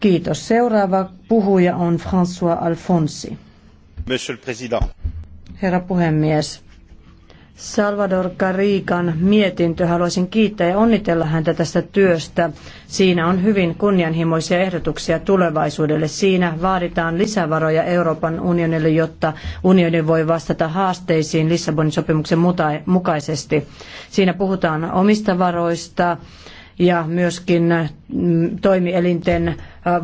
Kiitos. Seuraava puhuja on François Alfonsi. Monsieur le Président. Herra puhemies. Salvador Carikan mietintö. Haluaisin kiittää ja onnitella häntä tästä työstä. Siinä on hyvin kunnianhimoisia ehdotuksia tulevaisuudelle. Siinä vaaditaan lisävaroja Euroopan unionille, jotta unioni voi vastata haasteisiin Lissabonin sopimuksen mukaisesti. Siinä puhutaan omista varoista ja myöskin mm, toimielinten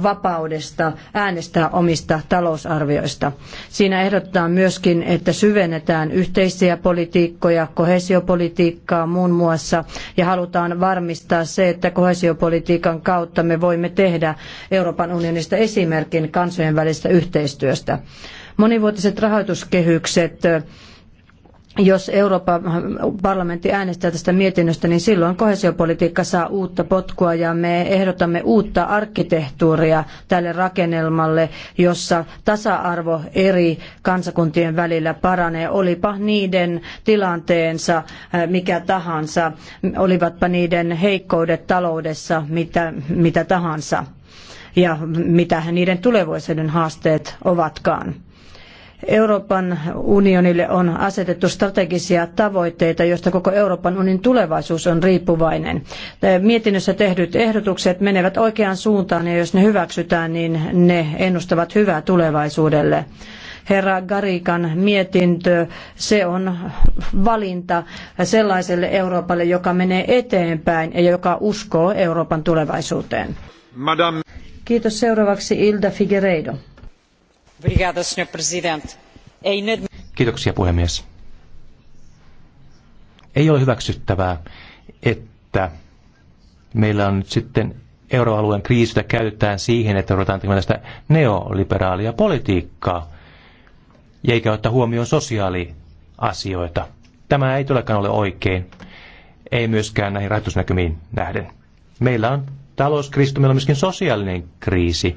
vapaudesta äänestää omista talousarvioista. Siinä ehdotetaan myöskin, että syvennetään yhteisiä politiikkoja, kohesiopolitiikkaa muun muassa, ja halutaan varmistaa se, että kohesiopolitiikan kautta me voimme tehdä Euroopan unionista esimerkin kansojen välistä yhteistyöstä. Monivuotiset rahoituskehykset jos Euroopan parlamentti äänestää tästä mietinnöstä, niin silloin koheesiopolitiikka saa uutta potkua ja me ehdotamme uutta arkkitehtuuria tälle rakennelmalle, jossa tasa-arvo eri kansakuntien välillä paranee, olipa niiden tilanteensa eh, mikä tahansa, olivatpa niiden heikkoudet taloudessa mitä, mitä tahansa ja mitä niiden tulevaisuuden haasteet ovatkaan. Euroopan unionille on asetettu strategisia tavoitteita, joista koko Euroopan unionin tulevaisuus on riippuvainen. Mietinnössä tehdyt ehdotukset menevät oikeaan suuntaan ja jos ne hyväksytään, niin ne ennustavat hyvää tulevaisuudelle herra Garikan mietintö, se on valinta sellaiselle Euroopalle, joka menee eteenpäin ja joka uskoo Euroopan tulevaisuuteen. Madame. Kiitos seuraavaksi Ilda Figueiredo. Kiitoksia puhemies. Ei ole hyväksyttävää, että meillä on nyt sitten euroalueen kriisistä käytetään siihen, että ruvetaan tekemään tästä neoliberaalia politiikkaa, eikä ottaa huomioon sosiaaliasioita. Tämä ei todellakaan ole oikein, ei myöskään näihin rahoitusnäkymiin nähden. Meillä on talouskriisi, meillä on myöskin sosiaalinen kriisi,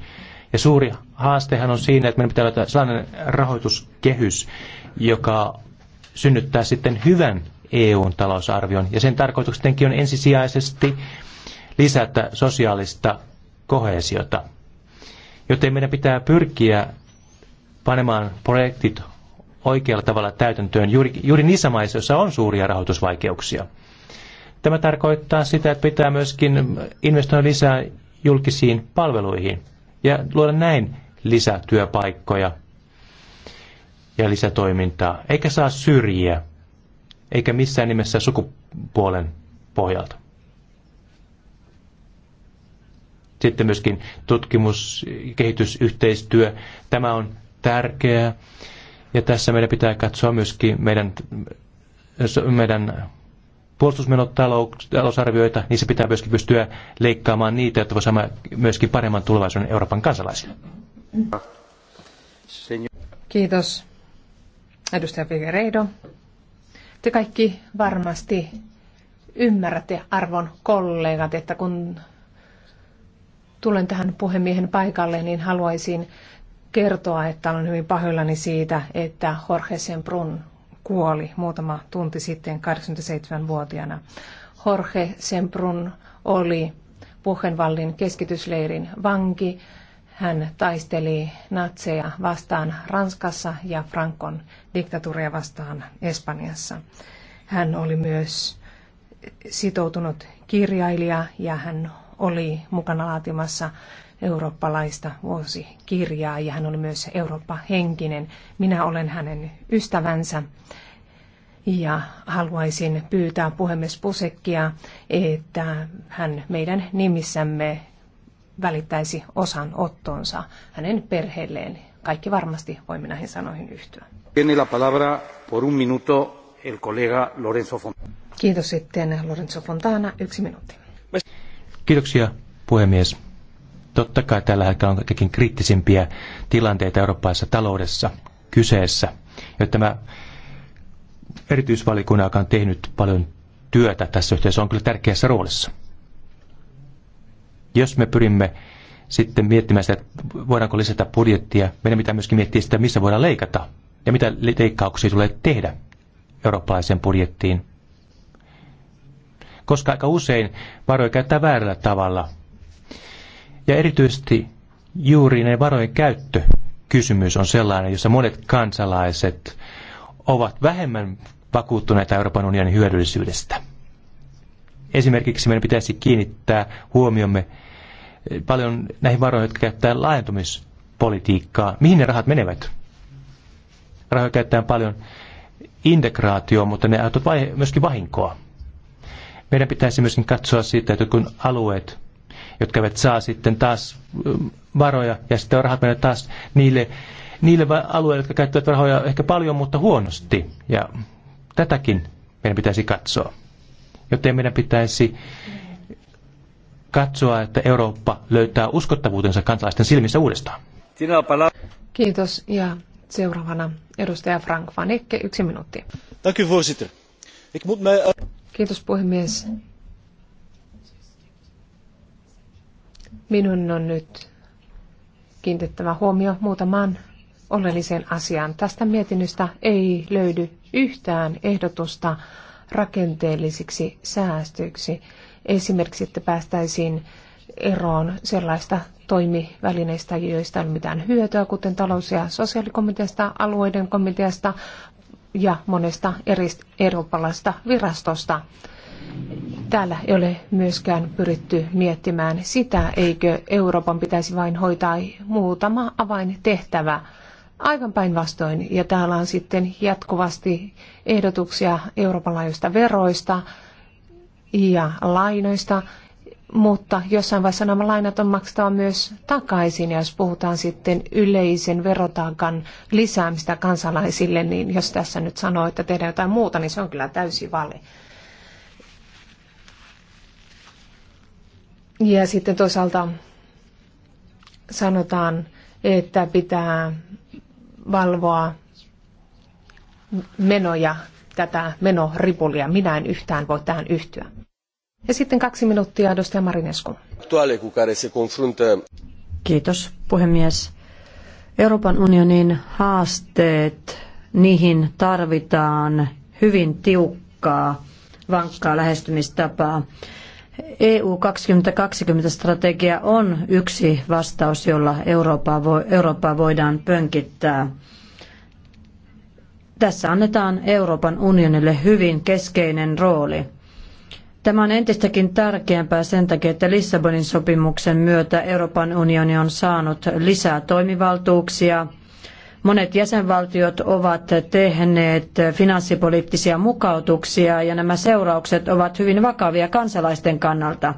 ja suuri haastehan on siinä, että meidän pitää löytää sellainen rahoituskehys, joka synnyttää sitten hyvän EUn talousarvion. Ja sen tarkoituksenkin on ensisijaisesti lisätä sosiaalista kohesiota. Joten meidän pitää pyrkiä panemaan projektit oikealla tavalla täytäntöön juuri, juuri niissä maissa, joissa on suuria rahoitusvaikeuksia. Tämä tarkoittaa sitä, että pitää myöskin investoida lisää julkisiin palveluihin ja luoda näin lisätyöpaikkoja ja lisätoimintaa, eikä saa syrjiä, eikä missään nimessä sukupuolen pohjalta. Sitten myöskin tutkimus, kehitysyhteistyö, tämä on tärkeää. Ja tässä meidän pitää katsoa myöskin meidän, meidän puolustusmenot talousarvioita, niin se pitää myöskin pystyä leikkaamaan niitä, jotta voi saada myöskin paremman tulevaisuuden Euroopan kansalaisille. Kiitos. Edustaja Figueiredo. Te kaikki varmasti ymmärrätte, arvon kollegat, että kun tulen tähän puhemiehen paikalle, niin haluaisin kertoa, että olen hyvin pahoillani siitä, että Jorge Sembrun kuoli muutama tunti sitten 87-vuotiaana. Jorge Semprun oli Buchenwaldin keskitysleirin vanki. Hän taisteli natseja vastaan Ranskassa ja Frankon diktatuuria vastaan Espanjassa. Hän oli myös sitoutunut kirjailija ja hän oli mukana laatimassa eurooppalaista vuosikirjaa ja hän oli myös Eurooppa-henkinen. Minä olen hänen ystävänsä ja haluaisin pyytää puhemies Pusekkia, että hän meidän nimissämme välittäisi osan ottonsa hänen perheelleen. Kaikki varmasti voimme näihin sanoihin yhtyä. Kiitos sitten Lorenzo Fontana, yksi minuutti. Kiitoksia puhemies. Totta kai tällä hetkellä on kaikkein kriittisimpiä tilanteita eurooppalaisessa taloudessa kyseessä. Ja tämä erityisvalikunta, joka on tehnyt paljon työtä tässä yhteydessä, on kyllä tärkeässä roolissa. Jos me pyrimme sitten miettimään sitä, että voidaanko lisätä budjettia, meidän pitää myöskin miettiä sitä, missä voidaan leikata ja mitä leikkauksia tulee tehdä eurooppalaiseen budjettiin. Koska aika usein varoja käyttää väärällä tavalla ja erityisesti juuri ne varojen käyttö kysymys on sellainen, jossa monet kansalaiset ovat vähemmän vakuuttuneita Euroopan unionin hyödyllisyydestä. Esimerkiksi meidän pitäisi kiinnittää huomiomme eh, paljon näihin varoihin, jotka käyttää laajentumispolitiikkaa. Mihin ne rahat menevät? Rahoja käyttää paljon integraatio, mutta ne aiheuttavat myöskin vahinkoa. Meidän pitäisi myöskin katsoa siitä, että kun alueet jotka eivät saa sitten taas varoja ja sitten rahat menevät taas niille, niille alueille, jotka käyttävät rahoja ehkä paljon, mutta huonosti. Ja tätäkin meidän pitäisi katsoa. Joten meidän pitäisi katsoa, että Eurooppa löytää uskottavuutensa kansalaisten silmissä uudestaan. Kiitos ja seuraavana edustaja Frank van yksi minuutti. Kiitos puhemies. Minun on nyt kiinnitettävä huomio muutamaan oleelliseen asiaan. Tästä mietinnöstä ei löydy yhtään ehdotusta rakenteellisiksi säästöiksi. Esimerkiksi, että päästäisiin eroon sellaista toimivälineistä, joista ei ole mitään hyötyä, kuten talous- ja sosiaalikomiteasta, alueiden komiteasta ja monesta eri eurooppalaisesta virastosta. Täällä ei ole myöskään pyritty miettimään sitä, eikö Euroopan pitäisi vain hoitaa muutama avaintehtävä. Aivan päinvastoin. Ja täällä on sitten jatkuvasti ehdotuksia Euroopan laajuista veroista ja lainoista, mutta jossain vaiheessa nämä lainat on maksettava myös takaisin. Ja jos puhutaan sitten yleisen verotaakan lisäämistä kansalaisille, niin jos tässä nyt sanoo, että tehdään jotain muuta, niin se on kyllä täysi vale. Ja sitten toisaalta sanotaan, että pitää valvoa menoja, tätä menoripulia. Minä en yhtään voi tähän yhtyä. Ja sitten kaksi minuuttia edustaja Marinescu. Kiitos puhemies. Euroopan unionin haasteet, niihin tarvitaan hyvin tiukkaa, vankkaa lähestymistapaa. EU 2020-strategia on yksi vastaus, jolla Eurooppaa, vo, Eurooppaa voidaan pönkittää. Tässä annetaan Euroopan unionille hyvin keskeinen rooli. Tämä on entistäkin tärkeämpää sen takia, että Lissabonin sopimuksen myötä Euroopan unioni on saanut lisää toimivaltuuksia – Monet jäsenvaltiot ovat tehneet finanssipoliittisia mukautuksia ja nämä seuraukset ovat hyvin vakavia kansalaisten kannalta.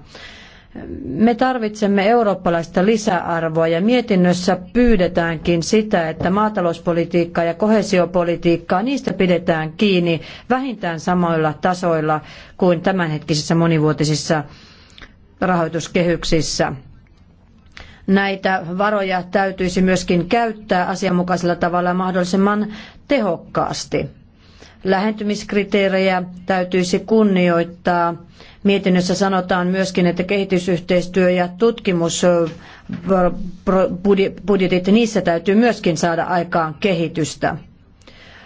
Me tarvitsemme eurooppalaista lisäarvoa ja mietinnössä pyydetäänkin sitä, että maatalouspolitiikkaa ja koheesiopolitiikkaa niistä pidetään kiinni vähintään samoilla tasoilla kuin tämänhetkisissä monivuotisissa rahoituskehyksissä näitä varoja täytyisi myöskin käyttää asianmukaisella tavalla mahdollisimman tehokkaasti. Lähentymiskriteerejä täytyisi kunnioittaa. Mietinnössä sanotaan myöskin, että kehitysyhteistyö ja tutkimusbudjetit, niissä täytyy myöskin saada aikaan kehitystä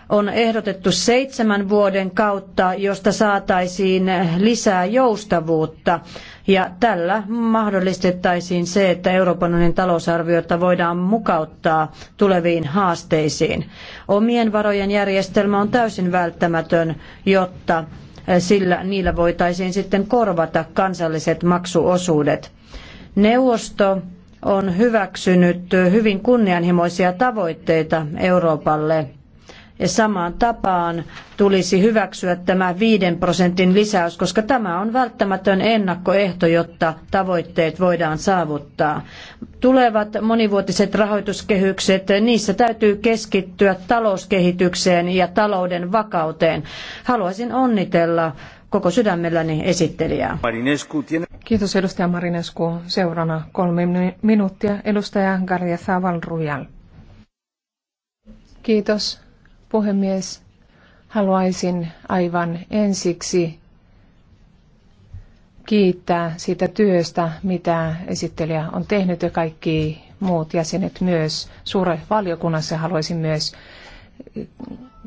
on ehdotettu seitsemän vuoden kautta, josta saataisiin lisää joustavuutta. Ja tällä mahdollistettaisiin se, että Euroopan unionin talousarviota voidaan mukauttaa tuleviin haasteisiin. Omien varojen järjestelmä on täysin välttämätön, jotta eh, sillä niillä voitaisiin sitten korvata kansalliset maksuosuudet. Neuvosto on hyväksynyt hyvin kunnianhimoisia tavoitteita Euroopalle samaan tapaan tulisi hyväksyä tämä viiden prosentin lisäys, koska tämä on välttämätön ennakkoehto, jotta tavoitteet voidaan saavuttaa. Tulevat monivuotiset rahoituskehykset, niissä täytyy keskittyä talouskehitykseen ja talouden vakauteen. Haluaisin onnitella koko sydämelläni esittelijää. Kiitos edustaja Marinescu. Seurana kolme minuuttia edustaja Garja Saval Rujal. Kiitos puhemies. Haluaisin aivan ensiksi kiittää siitä työstä, mitä esittelijä on tehnyt ja kaikki muut jäsenet myös. Suuren valiokunnassa haluaisin myös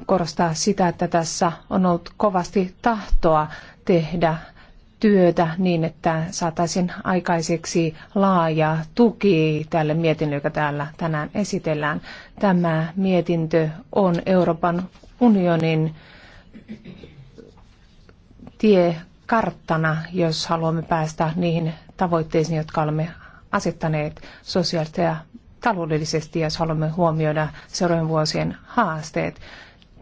korostaa sitä, että tässä on ollut kovasti tahtoa tehdä työtä niin, että saataisiin aikaiseksi laaja tuki tälle mietinnölle, joka täällä tänään esitellään. Tämä mietintö on Euroopan unionin tiekarttana, jos haluamme päästä niihin tavoitteisiin, jotka olemme asettaneet sosiaalisesti ja taloudellisesti, jos haluamme huomioida seuraavien vuosien haasteet.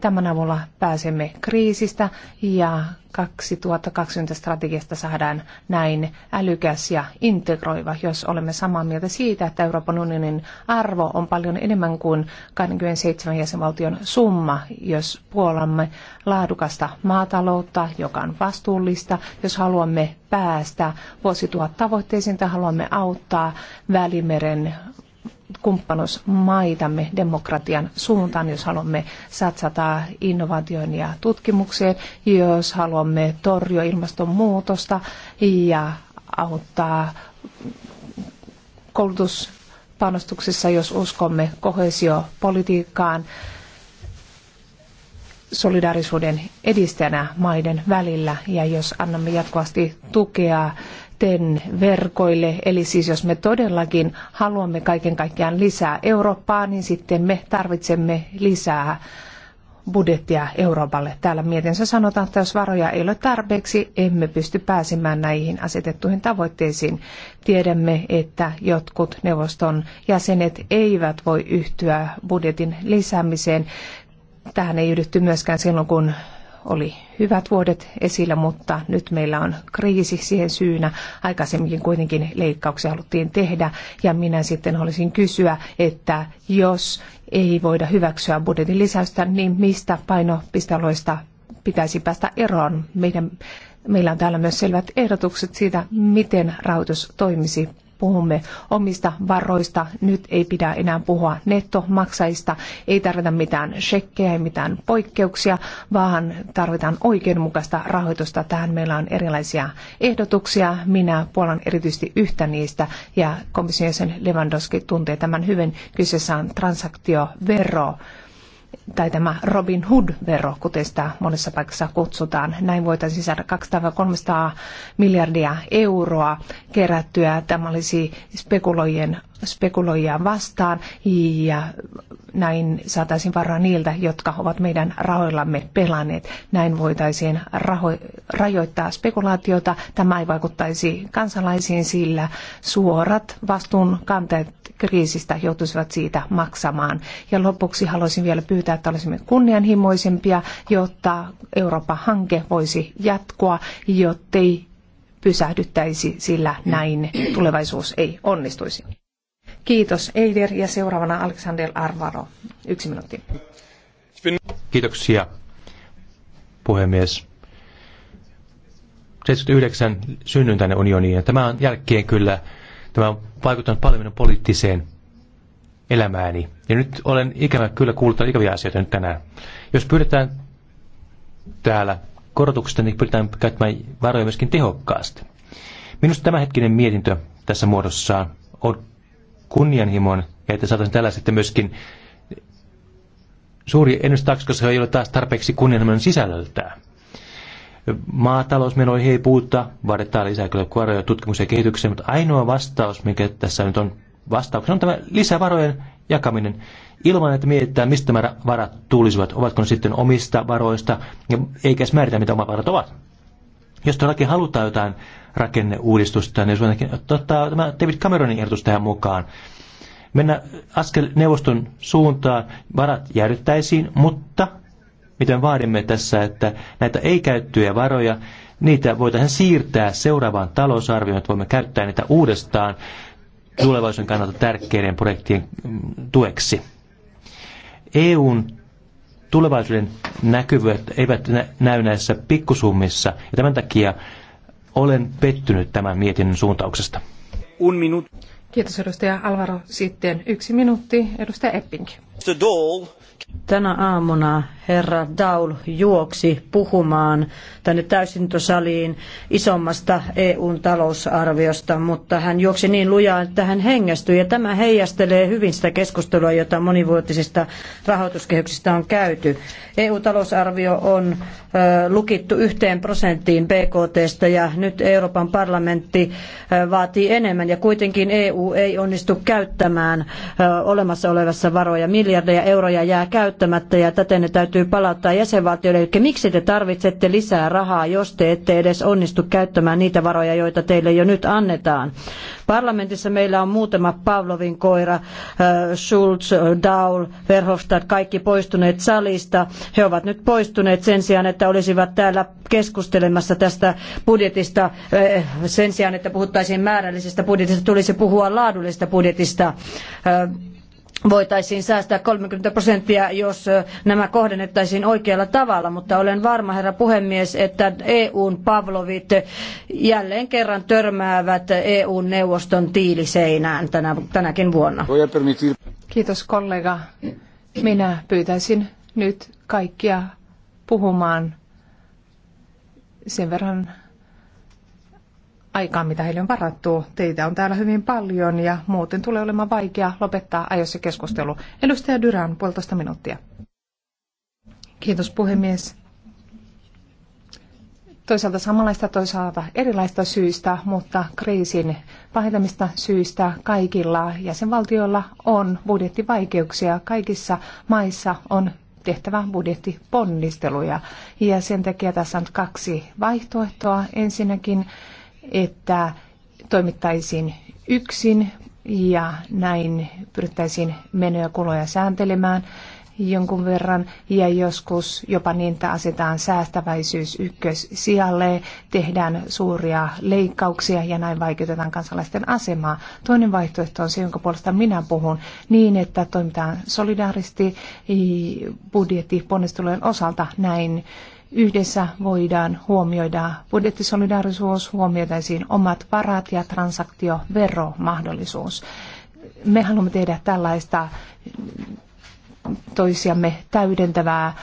Tämän avulla pääsemme kriisistä ja 2020 strategiasta saadaan näin älykäs ja integroiva, jos olemme samaa mieltä siitä, että Euroopan unionin arvo on paljon enemmän kuin 27 jäsenvaltion summa, jos puolamme laadukasta maataloutta, joka on vastuullista, jos haluamme päästä vuosituhat tavoitteisiin tai haluamme auttaa Välimeren kumppanuusmaitamme demokratian suuntaan, jos haluamme satsata innovaatioon ja tutkimukseen, jos haluamme torjua ilmastonmuutosta ja auttaa koulutuspanostuksissa, jos uskomme kohesiopolitiikkaan solidaarisuuden edistäjänä maiden välillä ja jos annamme jatkuvasti tukea TEN-verkoille. Eli siis jos me todellakin haluamme kaiken kaikkiaan lisää Eurooppaa, niin sitten me tarvitsemme lisää budjettia Euroopalle. Täällä mietinnössä sanotaan, että jos varoja ei ole tarpeeksi, emme pysty pääsemään näihin asetettuihin tavoitteisiin. Tiedämme, että jotkut neuvoston jäsenet eivät voi yhtyä budjetin lisäämiseen. Tähän ei yhdytty myöskään silloin, kun oli hyvät vuodet esillä, mutta nyt meillä on kriisi siihen syynä. Aikaisemminkin kuitenkin leikkauksia haluttiin tehdä ja minä sitten olisin kysyä, että jos ei voida hyväksyä budjetin lisäystä, niin mistä painopistealoista pitäisi päästä eroon? Meidän, meillä on täällä myös selvät ehdotukset siitä, miten rahoitus toimisi puhumme omista varoista, nyt ei pidä enää puhua nettomaksajista, ei tarvita mitään shekkejä, ei mitään poikkeuksia, vaan tarvitaan oikeudenmukaista rahoitusta. Tähän meillä on erilaisia ehdotuksia. Minä puolan erityisesti yhtä niistä ja komission jäsen Lewandowski tuntee tämän hyvin. Kyseessä on transaktiovero tai tämä Robin Hood-vero, kuten sitä monessa paikassa kutsutaan. Näin voitaisiin saada 200-300 miljardia euroa kerättyä. Tämä olisi spekuloijien, spekuloijia vastaan ja näin saataisiin varaa niiltä, jotka ovat meidän rahoillamme pelanneet. Näin voitaisiin rajoittaa spekulaatiota. Tämä ei vaikuttaisi kansalaisiin, sillä suorat vastuunkantajat kriisistä joutuisivat siitä maksamaan. Ja lopuksi haluaisin vielä pyytää, että olisimme kunnianhimoisempia, jotta Euroopan hanke voisi jatkua, jottei pysähdyttäisi, sillä näin tulevaisuus ei onnistuisi. Kiitos Eider ja seuraavana Alexander Arvaro. Yksi minuutti. Kiitoksia puhemies. 79 synnyin tänne unioniin ja tämä on jälkeen kyllä, tämä on vaikuttanut paljon minun poliittiseen elämääni. Ja nyt olen ikävä kyllä kuullut ikäviä asioita nyt tänään. Jos pyydetään täällä korotuksesta, niin pyritään käyttämään varoja myöskin tehokkaasti. Minusta tämänhetkinen mietintö tässä muodossa on kunnianhimon ja että saataisiin tällä sitten myöskin suuri ennustus, koska se ei ole taas tarpeeksi kunnianhimon sisällöltään. Maatalousmenoihin ei puhuta, vaaditaan lisää kyllä varoja tutkimukseen ja kehitykseen, mutta ainoa vastaus, mikä tässä nyt on vastauksena, on tämä lisävarojen jakaminen ilman, että mietitään, mistä nämä varat tulisivat, ovatko ne sitten omista varoista, eikä määritä, mitä omat varat ovat. Jos todellakin halutaan jotain rakenneuudistusta, niin ainakin ottaa tämä David Cameronin ehdotus tähän mukaan. Mennä askel neuvoston suuntaan, varat jäädyttäisiin, mutta miten vaadimme tässä, että näitä ei käyttyjä varoja, niitä voitaisiin siirtää seuraavaan talousarvioon, että voimme käyttää niitä uudestaan tulevaisuuden kannalta tärkeiden projektien mm, tueksi. EUn tulevaisuuden näkyvät eivät näy näissä pikkusummissa, ja tämän takia olen pettynyt tämän mietinnön suuntauksesta. Un minut. Kiitos edustaja Alvaro. Sitten yksi minuutti edustaja Epping. Tänä aamuna herra Daul juoksi puhumaan tänne täysintosaliin isommasta EUn talousarviosta, mutta hän juoksi niin lujaa, että hän hengästyi. Ja tämä heijastelee hyvin sitä keskustelua, jota monivuotisista rahoituskehyksistä on käyty. EU-talousarvio on lukittu yhteen prosenttiin BKTstä ja nyt Euroopan parlamentti vaatii enemmän ja kuitenkin EU ei onnistu käyttämään olemassa olevassa varoja miljardeja euroja jää käyttämättä ja täten ne täytyy palauttaa jäsenvaltioille. Eli miksi te tarvitsette lisää rahaa, jos te ette edes onnistu käyttämään niitä varoja, joita teille jo nyt annetaan? Parlamentissa meillä on muutama Pavlovin koira, äh, Schulz, Daul, Verhofstadt, kaikki poistuneet salista. He ovat nyt poistuneet sen sijaan, että olisivat täällä keskustelemassa tästä budjetista. Äh, sen sijaan, että puhuttaisiin määrällisestä budjetista, tulisi puhua laadullisesta budjetista. Äh, voitaisiin säästää 30 prosenttia, jos nämä kohdennettaisiin oikealla tavalla, mutta olen varma, herra puhemies, että EUn pavlovit jälleen kerran törmäävät EUn neuvoston tiiliseinään tänä, tänäkin vuonna. Kiitos kollega. Minä pyytäisin nyt kaikkia puhumaan sen verran aikaa, mitä heille on varattu. Teitä on täällä hyvin paljon ja muuten tulee olemaan vaikea lopettaa ajoissa keskustelu. Edustaja Dyran, puolitoista minuuttia. Kiitos puhemies. Toisaalta samanlaista, toisaalta erilaista syistä, mutta kriisin pahentamista syistä kaikilla jäsenvaltioilla on budjettivaikeuksia. Kaikissa maissa on tehtävä budjettiponnisteluja. Ja sen takia tässä on kaksi vaihtoehtoa. Ensinnäkin että toimittaisiin yksin ja näin pyrittäisiin menoja kuluja sääntelemään jonkun verran ja joskus jopa niin, että asetaan säästäväisyys ykkös sijalle, tehdään suuria leikkauksia ja näin vaikeutetaan kansalaisten asemaa. Toinen vaihtoehto on se, jonka puolesta minä puhun, niin että toimitaan solidaaristi budjettiponnistelujen osalta näin yhdessä voidaan huomioida budjettisolidaarisuus, huomioitaisiin omat varat ja transaktioveromahdollisuus. Me haluamme tehdä tällaista toisiamme täydentävää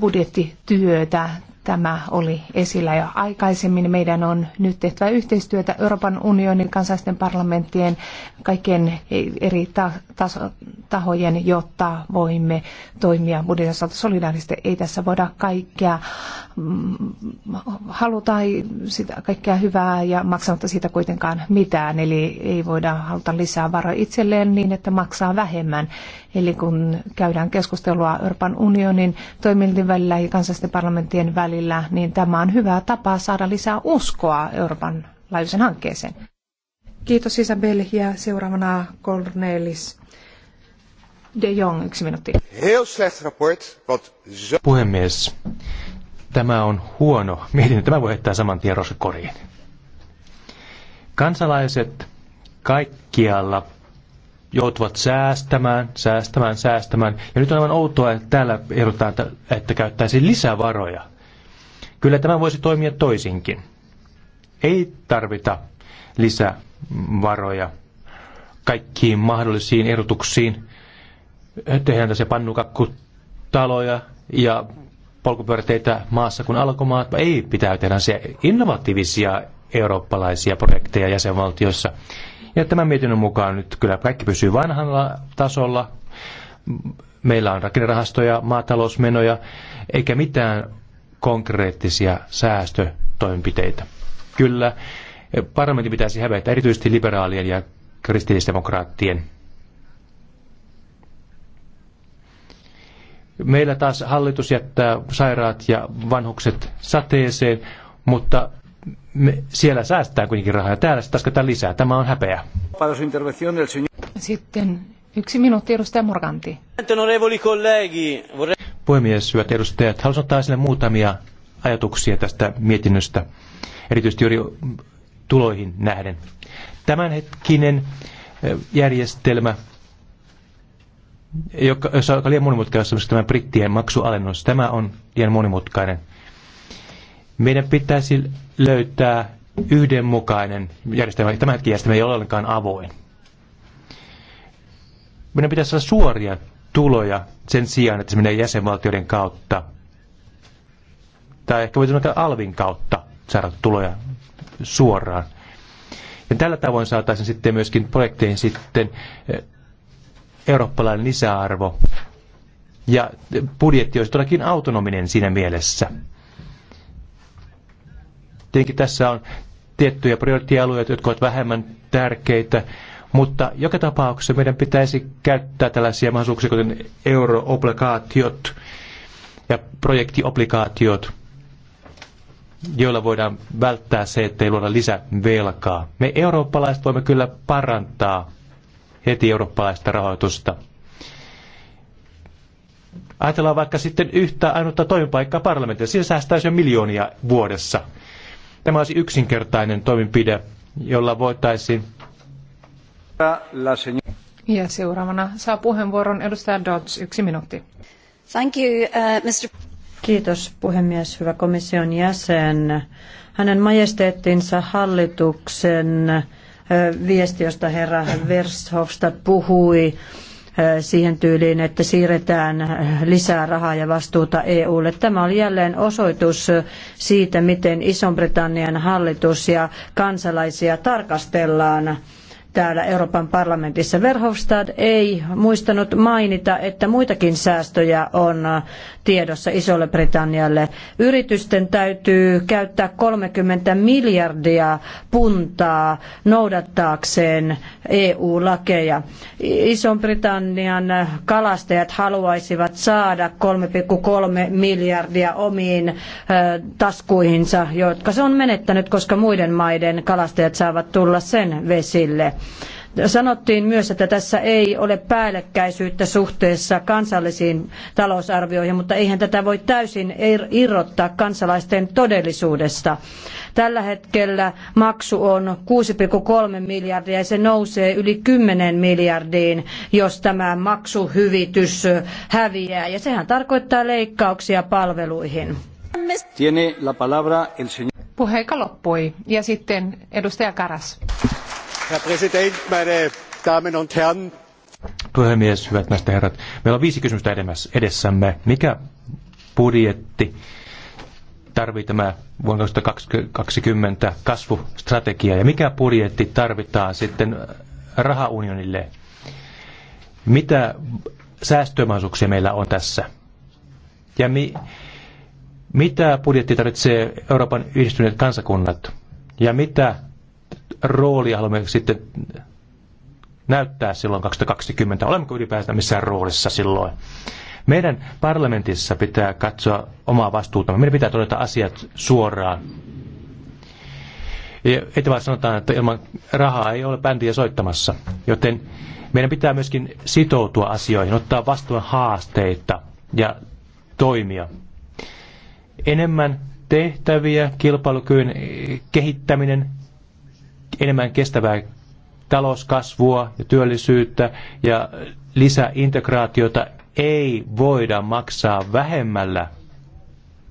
budjettityötä. Tämä oli esillä jo aikaisemmin. Meidän on nyt tehtävä yhteistyötä Euroopan unionin kansallisten parlamenttien kaikkien eri tahojen, jotta voimme toimia budjetin osalta solidaarisesti. Ei tässä voida kaikkea mm, haluta sitä kaikkea hyvää ja maksamatta siitä kuitenkaan mitään. Eli ei voida haluta lisää varoja itselleen niin, että maksaa vähemmän. Eli kun käydään keskustelua Euroopan unionin toimintien välillä ja kansallisten parlamenttien välillä, välillä, niin tämä on hyvä tapa saada lisää uskoa Euroopan laajuisen hankkeeseen. Kiitos Isabel ja seuraavana Cornelis de Jong, yksi minuutti. Puhemies, tämä on huono mietintö. Tämä voi heittää saman tien roskakoriin. Kansalaiset kaikkialla joutuvat säästämään, säästämään, säästämään. Ja nyt on aivan outoa, että täällä ehdotetaan, että käyttäisiin lisää varoja Kyllä tämä voisi toimia toisinkin. Ei tarvita lisävaroja kaikkiin mahdollisiin erotuksiin. Tehdään tässä pannukakkutaloja ja polkupyörteitä maassa kuin alkomaat. Ei pitää tehdä se innovatiivisia eurooppalaisia projekteja jäsenvaltioissa. Ja tämän mietinnön mukaan nyt kyllä kaikki pysyy vanhalla tasolla. Meillä on rakennerahastoja, maatalousmenoja, eikä mitään konkreettisia säästötoimenpiteitä. Kyllä, parlamentin pitäisi hävetä erityisesti liberaalien ja kristillisdemokraattien. Meillä taas hallitus jättää sairaat ja vanhukset sateeseen, mutta me siellä säästää kuitenkin rahaa ja täällä taas lisää. Tämä on häpeä. Sitten yksi minuutti edustaja Morganti puhemies, hyvät edustajat. Haluaisin ottaa esille muutamia ajatuksia tästä mietinnöstä, erityisesti juuri tuloihin nähden. Tämänhetkinen järjestelmä, joka, jossa on liian monimutkainen, tämä brittien maksualennus, tämä on liian monimutkainen. Meidän pitäisi löytää yhdenmukainen järjestelmä. Tämä hetki järjestelmä ei ole ollenkaan avoin. Meidän pitäisi saada suoria tuloja sen sijaan, että se menee jäsenvaltioiden kautta. Tai ehkä voisi sanoa, alvin kautta saada tuloja suoraan. Ja tällä tavoin saataisiin sitten myöskin projekteihin sitten eh, eurooppalainen lisäarvo. Ja budjetti olisi todellakin autonominen siinä mielessä. Tietenkin tässä on tiettyjä prioriteettialueita, jotka ovat vähemmän tärkeitä, mutta joka tapauksessa meidän pitäisi käyttää tällaisia mahdollisuuksia, kuten euroobligaatiot ja projektiobligaatiot, joilla voidaan välttää se, ettei luoda lisävelkaa. Me eurooppalaiset voimme kyllä parantaa heti eurooppalaista rahoitusta. Ajatellaan vaikka sitten yhtä ainutta toimipaikkaa parlamentissa. Siinä säästäisi jo miljoonia vuodessa. Tämä olisi yksinkertainen toimenpide, jolla voitaisiin ja seuraavana saa puheenvuoron edustaja Dodds, yksi minuutti. Thank you, uh, Mr. Kiitos puhemies, hyvä komission jäsen. Hänen majesteettinsa hallituksen viesti, josta herra Verhofstadt puhui, siihen tyyliin, että siirretään lisää rahaa ja vastuuta EUlle. Tämä oli jälleen osoitus siitä, miten Ison-Britannian hallitus ja kansalaisia tarkastellaan täällä Euroopan parlamentissa. Verhofstadt ei muistanut mainita, että muitakin säästöjä on tiedossa Isolle Britannialle. Yritysten täytyy käyttää 30 miljardia puntaa noudattaakseen EU-lakeja. Ison-Britannian kalastajat haluaisivat saada 3,3 miljardia omiin taskuihinsa, jotka se on menettänyt, koska muiden maiden kalastajat saavat tulla sen vesille. Sanottiin myös, että tässä ei ole päällekkäisyyttä suhteessa kansallisiin talousarvioihin, mutta eihän tätä voi täysin irrottaa kansalaisten todellisuudesta. Tällä hetkellä maksu on 6,3 miljardia ja se nousee yli 10 miljardiin, jos tämä maksuhyvitys häviää. Ja sehän tarkoittaa leikkauksia palveluihin. Tiene la Puheika loppui ja sitten edustaja Karas. Puhemies, hyvät ja herrat. Meillä on viisi kysymystä edessämme. Mikä budjetti tarvitsee tämä vuonna 2020 kasvustrategia ja mikä budjetti tarvitaan sitten rahaunionille? Mitä säästömahdollisuuksia meillä on tässä? Ja mi, mitä budjetti tarvitsee Euroopan yhdistyneet kansakunnat? Ja mitä roolia haluamme sitten näyttää silloin 2020? Olemmeko ylipäätään missään roolissa silloin? Meidän parlamentissa pitää katsoa omaa vastuutamme. Meidän pitää todeta asiat suoraan. Ei vaan sanotaan, että ilman rahaa ei ole bändiä soittamassa. Joten meidän pitää myöskin sitoutua asioihin, ottaa vastuun haasteita ja toimia. Enemmän tehtäviä, kilpailukyvyn kehittäminen, enemmän kestävää talouskasvua ja työllisyyttä ja lisäintegraatiota ei voida maksaa vähemmällä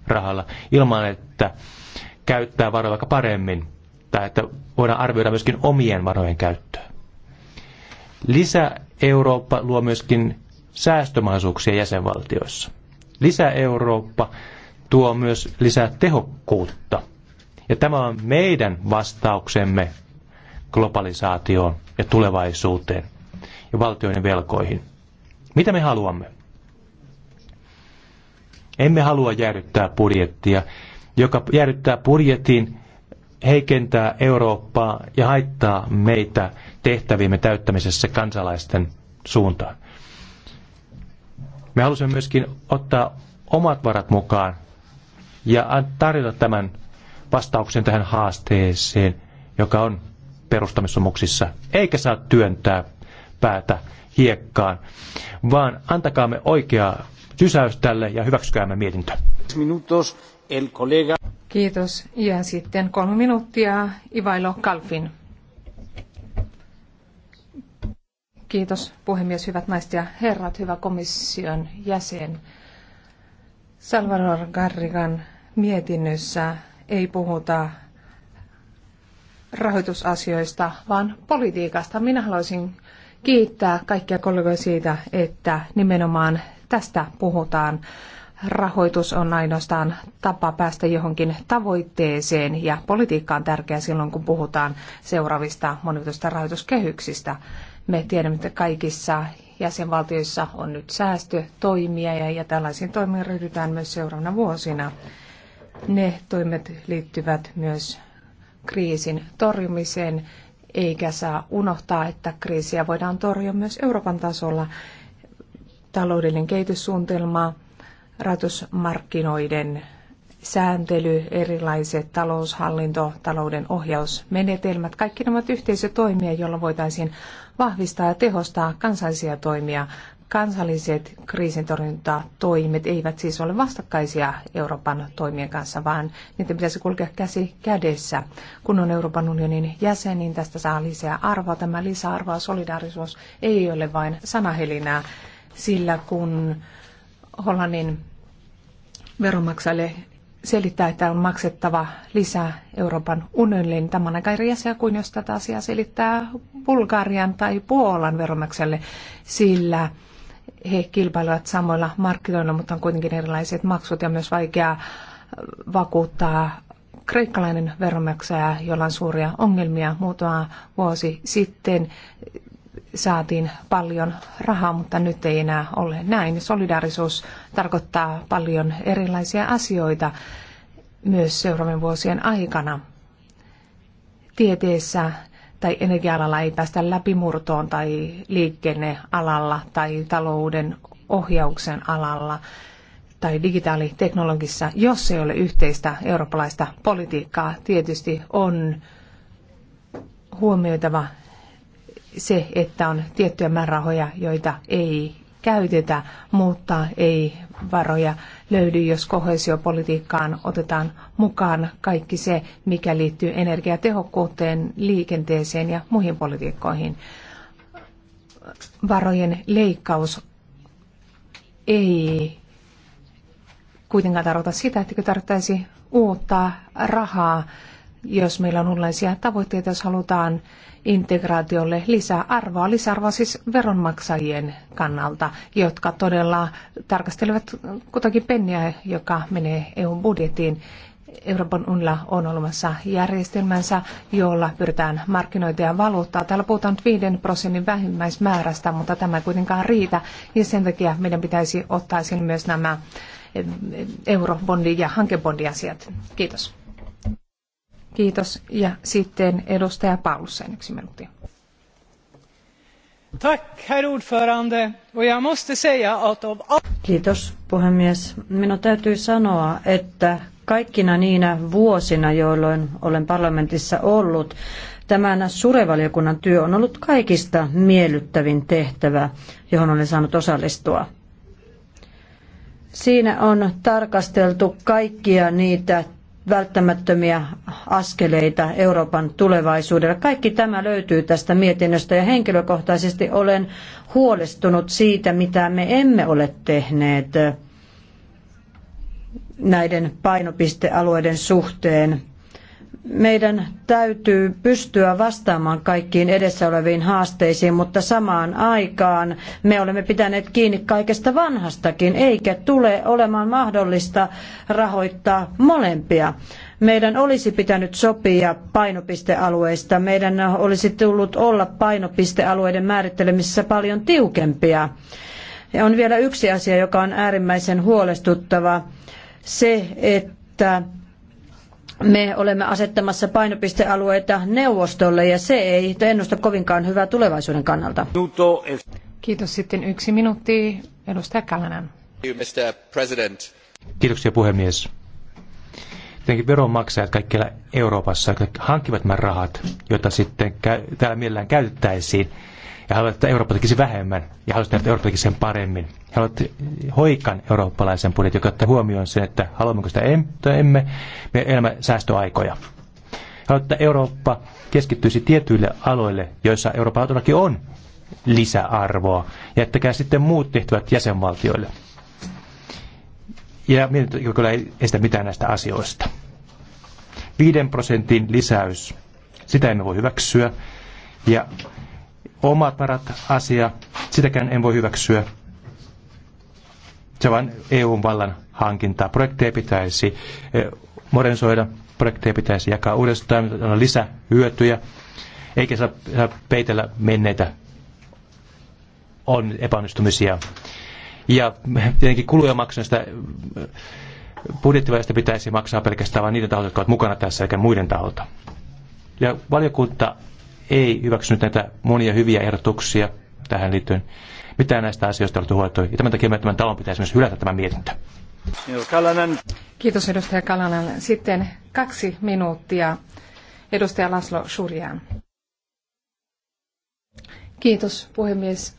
rahalla ilman, että käyttää varoja vaikka paremmin tai että voidaan arvioida myöskin omien varojen käyttöä. Lisä Eurooppa luo myöskin säästömahdollisuuksia jäsenvaltioissa. Lisä Eurooppa tuo myös lisää tehokkuutta. Ja tämä on meidän vastauksemme globalisaatioon ja tulevaisuuteen ja valtioiden velkoihin. Mitä me haluamme? Emme halua jäädyttää budjettia, joka jäädyttää budjetin, heikentää Eurooppaa ja haittaa meitä tehtäviimme täyttämisessä kansalaisten suuntaan. Me halusimme myöskin ottaa omat varat mukaan ja tarjota tämän vastauksen tähän haasteeseen, joka on perustamissomuksissa, eikä saa työntää päätä hiekkaan, vaan antakaamme oikeaa sysäys tälle ja hyväksykäämme mietintö. Minutos, el kollega. Kiitos. Ja sitten kolme minuuttia Ivailo Kalfin. Kiitos puhemies, hyvät naiset ja herrat, hyvä komission jäsen. Salvador Garrigan mietinnössä ei puhuta rahoitusasioista, vaan politiikasta. Minä haluaisin kiittää kaikkia kollegoja siitä, että nimenomaan tästä puhutaan. Rahoitus on ainoastaan tapa päästä johonkin tavoitteeseen ja politiikka on tärkeää silloin, kun puhutaan seuraavista monivuotisista rahoituskehyksistä. Me tiedämme, että kaikissa jäsenvaltioissa on nyt säästötoimia ja, ja tällaisiin toimiin ryhdytään myös seuraavana vuosina. Ne toimet liittyvät myös kriisin torjumiseen, eikä saa unohtaa, että kriisiä voidaan torjua myös Euroopan tasolla. Taloudellinen kehityssuunnitelma, rahoitusmarkkinoiden sääntely, erilaiset taloushallinto, talouden ohjausmenetelmät, kaikki nämä ovat yhteisötoimia, joilla voitaisiin vahvistaa ja tehostaa kansallisia toimia kansalliset kriisintorjuntatoimet eivät siis ole vastakkaisia Euroopan toimien kanssa, vaan niiden pitäisi kulkea käsi kädessä. Kun on Euroopan unionin jäsen, niin tästä saa lisää arvoa. Tämä lisäarvoa solidaarisuus ei ole vain sanahelinää, sillä kun Hollannin veronmaksajille selittää, että on maksettava lisää Euroopan unionille, niin tämä on aika eri asia kuin jos tätä asiaa selittää Bulgarian tai Puolan veronmaksajille, sillä he kilpailevat samoilla markkinoilla, mutta on kuitenkin erilaiset maksut ja myös vaikea äh, vakuuttaa kreikkalainen veronmaksaja, jolla on suuria ongelmia. Muutama vuosi sitten saatiin paljon rahaa, mutta nyt ei enää ole näin. Solidaarisuus tarkoittaa paljon erilaisia asioita myös seuraavien vuosien aikana. Tieteessä tai energia-alalla ei päästä läpimurtoon tai liikennealalla tai talouden ohjauksen alalla tai digitaaliteknologissa, jos ei ole yhteistä eurooppalaista politiikkaa. Tietysti on huomioitava se, että on tiettyjä määrärahoja, joita ei käytetä, mutta ei varoja löydy, jos kohesiopolitiikkaan otetaan mukaan kaikki se, mikä liittyy energiatehokkuuteen, liikenteeseen ja muihin politiikkoihin. Varojen leikkaus ei kuitenkaan tarkoita sitä, että tarvittaisi uutta rahaa jos meillä on uudenlaisia tavoitteita, jos halutaan integraatiolle lisää arvoa, lisäarvoa siis veronmaksajien kannalta, jotka todella tarkastelevat kutakin penniä, joka menee EU-budjettiin. Euroopan unilla on olemassa järjestelmänsä, jolla pyritään markkinoita ja valuuttaa. Täällä puhutaan nyt 5 prosentin vähimmäismäärästä, mutta tämä ei kuitenkaan riitä. Ja sen takia meidän pitäisi ottaa esiin myös nämä eh, eurobondi- ja hankebondiasiat. Kiitos. Kiitos. Ja sitten edustaja Paulsen yksi minuutti. Tack, herr ordförande. Och jag måste säga att av... Kiitos, puhemies. Minun täytyy sanoa, että kaikkina niinä vuosina, jolloin olen parlamentissa ollut, tämän surevaliokunnan työ on ollut kaikista miellyttävin tehtävä, johon olen saanut osallistua. Siinä on tarkasteltu kaikkia niitä välttämättömiä askeleita Euroopan tulevaisuudelle. Kaikki tämä löytyy tästä mietinnöstä ja henkilökohtaisesti olen huolestunut siitä, mitä me emme ole tehneet näiden painopistealueiden suhteen meidän täytyy pystyä vastaamaan kaikkiin edessä oleviin haasteisiin, mutta samaan aikaan me olemme pitäneet kiinni kaikesta vanhastakin, eikä tule olemaan mahdollista rahoittaa molempia. Meidän olisi pitänyt sopia painopistealueista, meidän olisi tullut olla painopistealueiden määrittelemisessä paljon tiukempia. Ja on vielä yksi asia, joka on äärimmäisen huolestuttava, se, että me olemme asettamassa painopistealueita neuvostolle ja se ei ennusta kovinkaan hyvää tulevaisuuden kannalta. Kiitos sitten yksi minuutti. Edustaja Kiitoksia puhemies. Tietenkin veronmaksajat kaikkialla Euroopassa hankkivat nämä rahat, joita sitten täällä mielellään käytettäisiin ja haluavat, että Eurooppa tekisi vähemmän ja haluavat, että Eurooppa tekisi sen paremmin. He haluavat hoikan eurooppalaisen budjetin, joka ottaa huomioon sen, että haluammeko sitä em, tai emme, me elämme säästöaikoja. He haluavat, että Eurooppa keskittyisi tietyille aloille, joissa Euroopalla todellakin on lisäarvoa. Jättäkää sitten muut tehtävät jäsenvaltioille. Ja mietitään, kyllä ei estä mitään näistä asioista. 5 prosentin lisäys, sitä emme voi hyväksyä. Ja omat varat asia, sitäkään en voi hyväksyä. Se on EUn vallan hankintaa. Projekteja pitäisi e, modernisoida, projekteja pitäisi jakaa uudestaan, on lisähyötyjä, eikä saa, saa peitellä menneitä on epäonnistumisia. Ja tietenkin kuluja maksamista e, budjettivajasta pitäisi maksaa pelkästään vain niiden taholta, jotka ovat mukana tässä, eikä muiden taholta. Ja valiokunta ei hyväksynyt näitä monia hyviä ehdotuksia tähän liittyen. Mitä näistä asioista ei ollut Ja tämän takia tämän talon pitäisi myös hylätä tämä mietintö. Kiitos edustaja Kalanen. Sitten kaksi minuuttia edustaja Laslo Surjaan. Kiitos puhemies.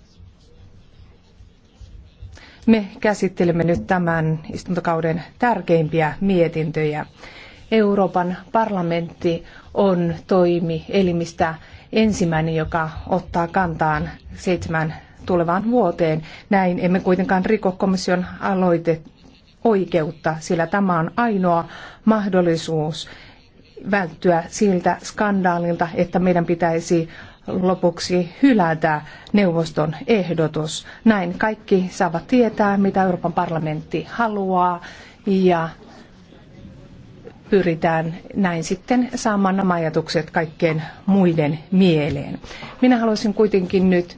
Me käsittelemme nyt tämän istuntokauden tärkeimpiä mietintöjä. Euroopan parlamentti on toimi elimistä, ensimmäinen, joka ottaa kantaan seitsemän tulevaan vuoteen. Näin emme kuitenkaan riko komission aloite oikeutta, sillä tämä on ainoa mahdollisuus välttyä siltä skandaalilta, että meidän pitäisi lopuksi hylätä neuvoston ehdotus. Näin kaikki saavat tietää, mitä Euroopan parlamentti haluaa ja pyritään näin sitten saamaan nämä ajatukset kaikkien muiden mieleen. Minä haluaisin kuitenkin nyt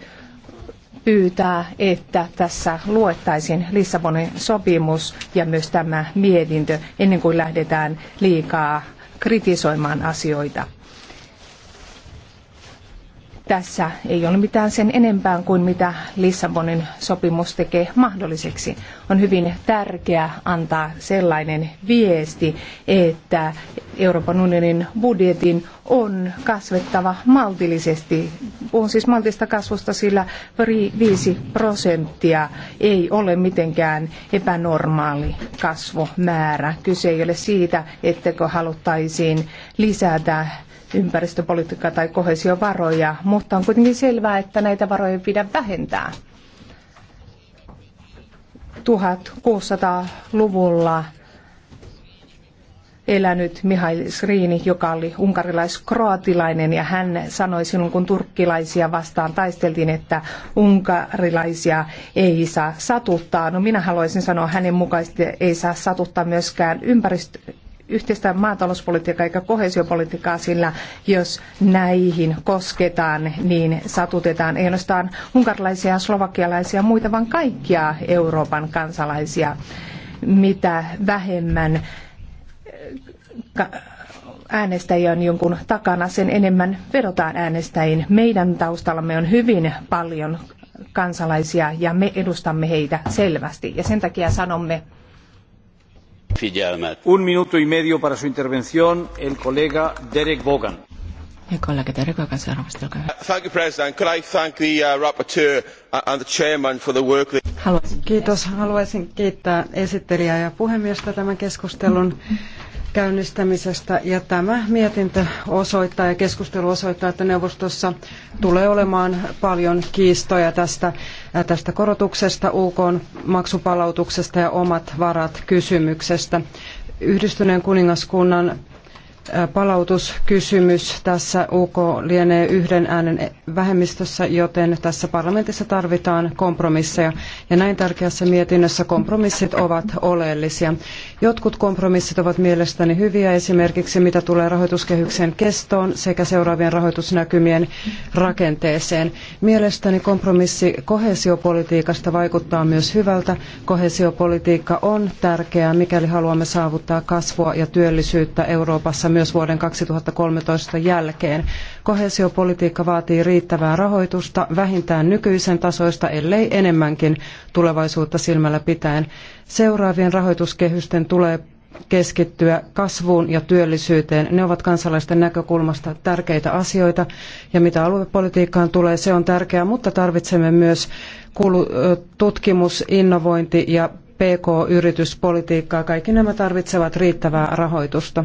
pyytää, että tässä luettaisiin Lissabonin sopimus ja myös tämä mietintö ennen kuin lähdetään liikaa kritisoimaan asioita. Tässä ei ole mitään sen enempää kuin mitä Lissabonin sopimus tekee mahdolliseksi. On hyvin tärkeää antaa sellainen viesti, että Euroopan unionin budjetin on kasvettava maltillisesti. On siis maltista kasvusta, sillä 5 prosenttia ei ole mitenkään epänormaali kasvumäärä. Kyse ei ole siitä, ettekö haluttaisiin lisätä ympäristöpolitiikkaa tai kohesiovaroja, mutta on kuitenkin selvää, että näitä varoja ei pidä vähentää. 1600-luvulla elänyt Mihail Srini, joka oli unkarilais-kroatilainen, ja hän sanoi silloin, kun turkkilaisia vastaan taisteltiin, että unkarilaisia ei saa satuttaa. No minä haluaisin sanoa hänen mukaisesti, että ei saa satuttaa myöskään ympäristö- yhteistä maatalouspolitiikkaa eikä kohesiopolitiikkaa, sillä jos näihin kosketaan, niin satutetaan ei ainoastaan unkarilaisia, slovakialaisia ja muita, vaan kaikkia Euroopan kansalaisia. Mitä vähemmän eh, äänestäjiä on jonkun takana, sen enemmän vedotaan äänestäjiin. Meidän taustallamme on hyvin paljon kansalaisia ja me edustamme heitä selvästi. Ja sen takia sanomme Figyelmet. Un kollega Derek kollega uh, Derek uh, uh, Haluaisin, kiitos. Haluaisin kiittää esittelijää ja puhemiestä tämän keskustelun käynnistämisestä ja tämä mietintö osoittaa ja keskustelu osoittaa, että neuvostossa tulee olemaan paljon kiistoja tästä, äh, tästä korotuksesta, UK maksupalautuksesta ja omat varat kysymyksestä. Yhdistyneen kuningaskunnan palautuskysymys. Tässä UK lienee yhden äänen vähemmistössä, joten tässä parlamentissa tarvitaan kompromisseja. Ja näin tärkeässä mietinnössä kompromissit ovat oleellisia. Jotkut kompromissit ovat mielestäni hyviä, esimerkiksi mitä tulee rahoituskehyksen kestoon sekä seuraavien rahoitusnäkymien rakenteeseen. Mielestäni kompromissi koheesiopolitiikasta vaikuttaa myös hyvältä. Koheesiopolitiikka on tärkeää, mikäli haluamme saavuttaa kasvua ja työllisyyttä Euroopassa myös vuoden 2013 jälkeen. Koheesiopolitiikka vaatii riittävää rahoitusta, vähintään nykyisen tasoista, ellei enemmänkin tulevaisuutta silmällä pitäen. Seuraavien rahoituskehysten tulee keskittyä kasvuun ja työllisyyteen. Ne ovat kansalaisten näkökulmasta tärkeitä asioita ja mitä aluepolitiikkaan tulee, se on tärkeää, mutta tarvitsemme myös tutkimus, innovointi ja PK-yrityspolitiikkaa. Kaikki nämä tarvitsevat riittävää rahoitusta.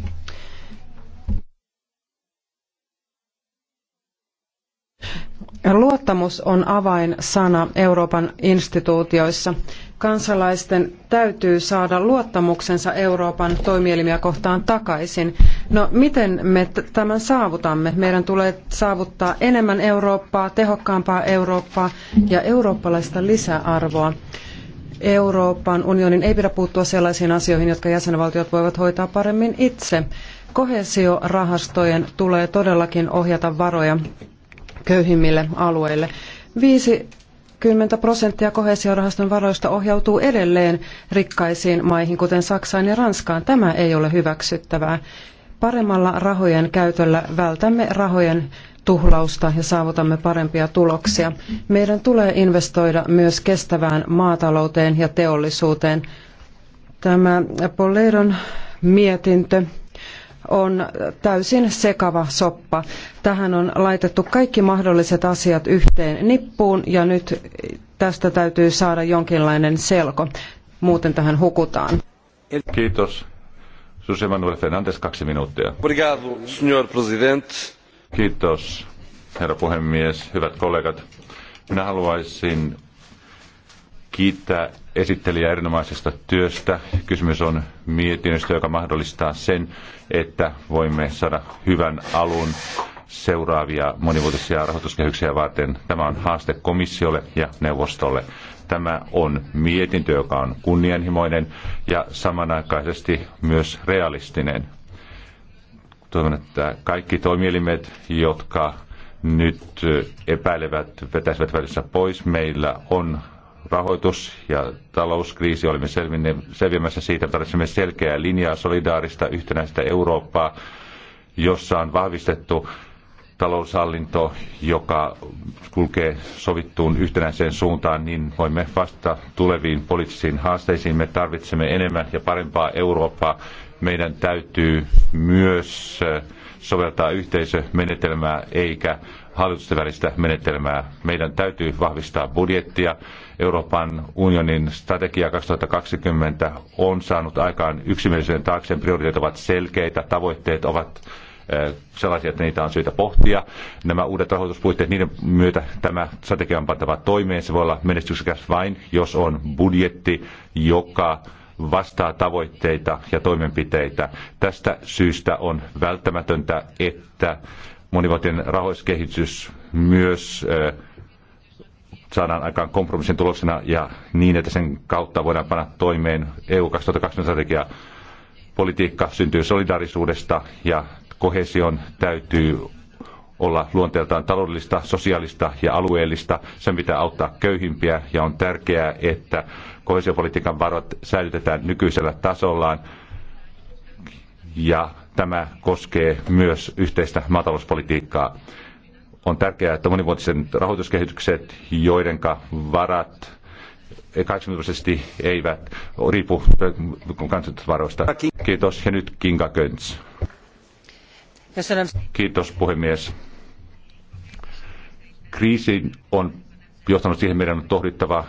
Luottamus on avainsana Euroopan instituutioissa. Kansalaisten täytyy saada luottamuksensa Euroopan toimielimiä kohtaan takaisin. No miten me tämän saavutamme? Meidän tulee saavuttaa enemmän Eurooppaa, tehokkaampaa Eurooppaa ja eurooppalaista lisäarvoa. Euroopan unionin ei pidä puuttua sellaisiin asioihin, jotka jäsenvaltiot voivat hoitaa paremmin itse. Kohesiorahastojen tulee todellakin ohjata varoja köyhimmille alueille. 50 prosenttia kohesiorahaston varoista ohjautuu edelleen rikkaisiin maihin, kuten Saksaan ja Ranskaan. Tämä ei ole hyväksyttävää. Paremmalla rahojen käytöllä vältämme rahojen tuhlausta ja saavutamme parempia tuloksia. Meidän tulee investoida myös kestävään maatalouteen ja teollisuuteen. Tämä Polleidon mietintö on täysin sekava soppa. Tähän on laitettu kaikki mahdolliset asiat yhteen nippuun ja nyt tästä täytyy saada jonkinlainen selko. Muuten tähän hukutaan. Kiitos. José Manuel Fernandes, kaksi minuuttia. Obrigado, senhor presidente. Kiitos, herra puhemies, hyvät kollegat. Minä haluaisin kiittää esittelijä erinomaisesta työstä. Kysymys on mietinnöstä, joka mahdollistaa sen, että voimme saada hyvän alun seuraavia monivuotisia rahoituskehyksiä varten. Tämä on haaste komissiolle ja neuvostolle. Tämä on mietintö, joka on kunnianhimoinen ja samanaikaisesti myös realistinen. Toivon, että kaikki toimielimet, jotka nyt epäilevät, vetäisivät välissä pois. Meillä on rahoitus- ja talouskriisi, olimme selviämässä siitä, tarvitsemme selkeää linjaa, solidaarista, yhtenäistä Eurooppaa, jossa on vahvistettu taloushallinto, joka kulkee sovittuun yhtenäiseen suuntaan, niin voimme vastata tuleviin poliittisiin haasteisiin. Me tarvitsemme enemmän ja parempaa Eurooppaa. Meidän täytyy myös eh, soveltaa yhteisömenetelmää eikä hallitusten välistä menetelmää. Meidän täytyy vahvistaa budjettia Euroopan unionin strategia 2020 on saanut aikaan yksimielisyyden taakseen. Prioriteetit ovat selkeitä, tavoitteet ovat sellaisia, että niitä on syytä pohtia. Nämä uudet rahoituspuitteet, niiden myötä tämä strategia on pantava toimeen. Se voi olla menestyksekäs vain, jos on budjetti, joka vastaa tavoitteita ja toimenpiteitä. Tästä syystä on välttämätöntä, että monivuotinen rahoiskehitys myös äh, saadaan aikaan kompromissin tuloksena ja niin, että sen kautta voidaan panna toimeen EU 2020 strategia. Politiikka syntyy solidaarisuudesta ja kohesion täytyy olla luonteeltaan taloudellista, sosiaalista ja alueellista. Sen pitää auttaa köyhimpiä ja on tärkeää, että kohesiopolitiikan varat säilytetään nykyisellä tasollaan. Ja tämä koskee myös yhteistä maatalouspolitiikkaa on tärkeää, että monivuotiset rahoituskehitykset, joiden varat 80 prosenttisesti eivät riipu varoista. Kiitos. Ja nyt Kinga Könts. Kiitos puhemies. Kriisi on johtanut siihen meidän on tohdittava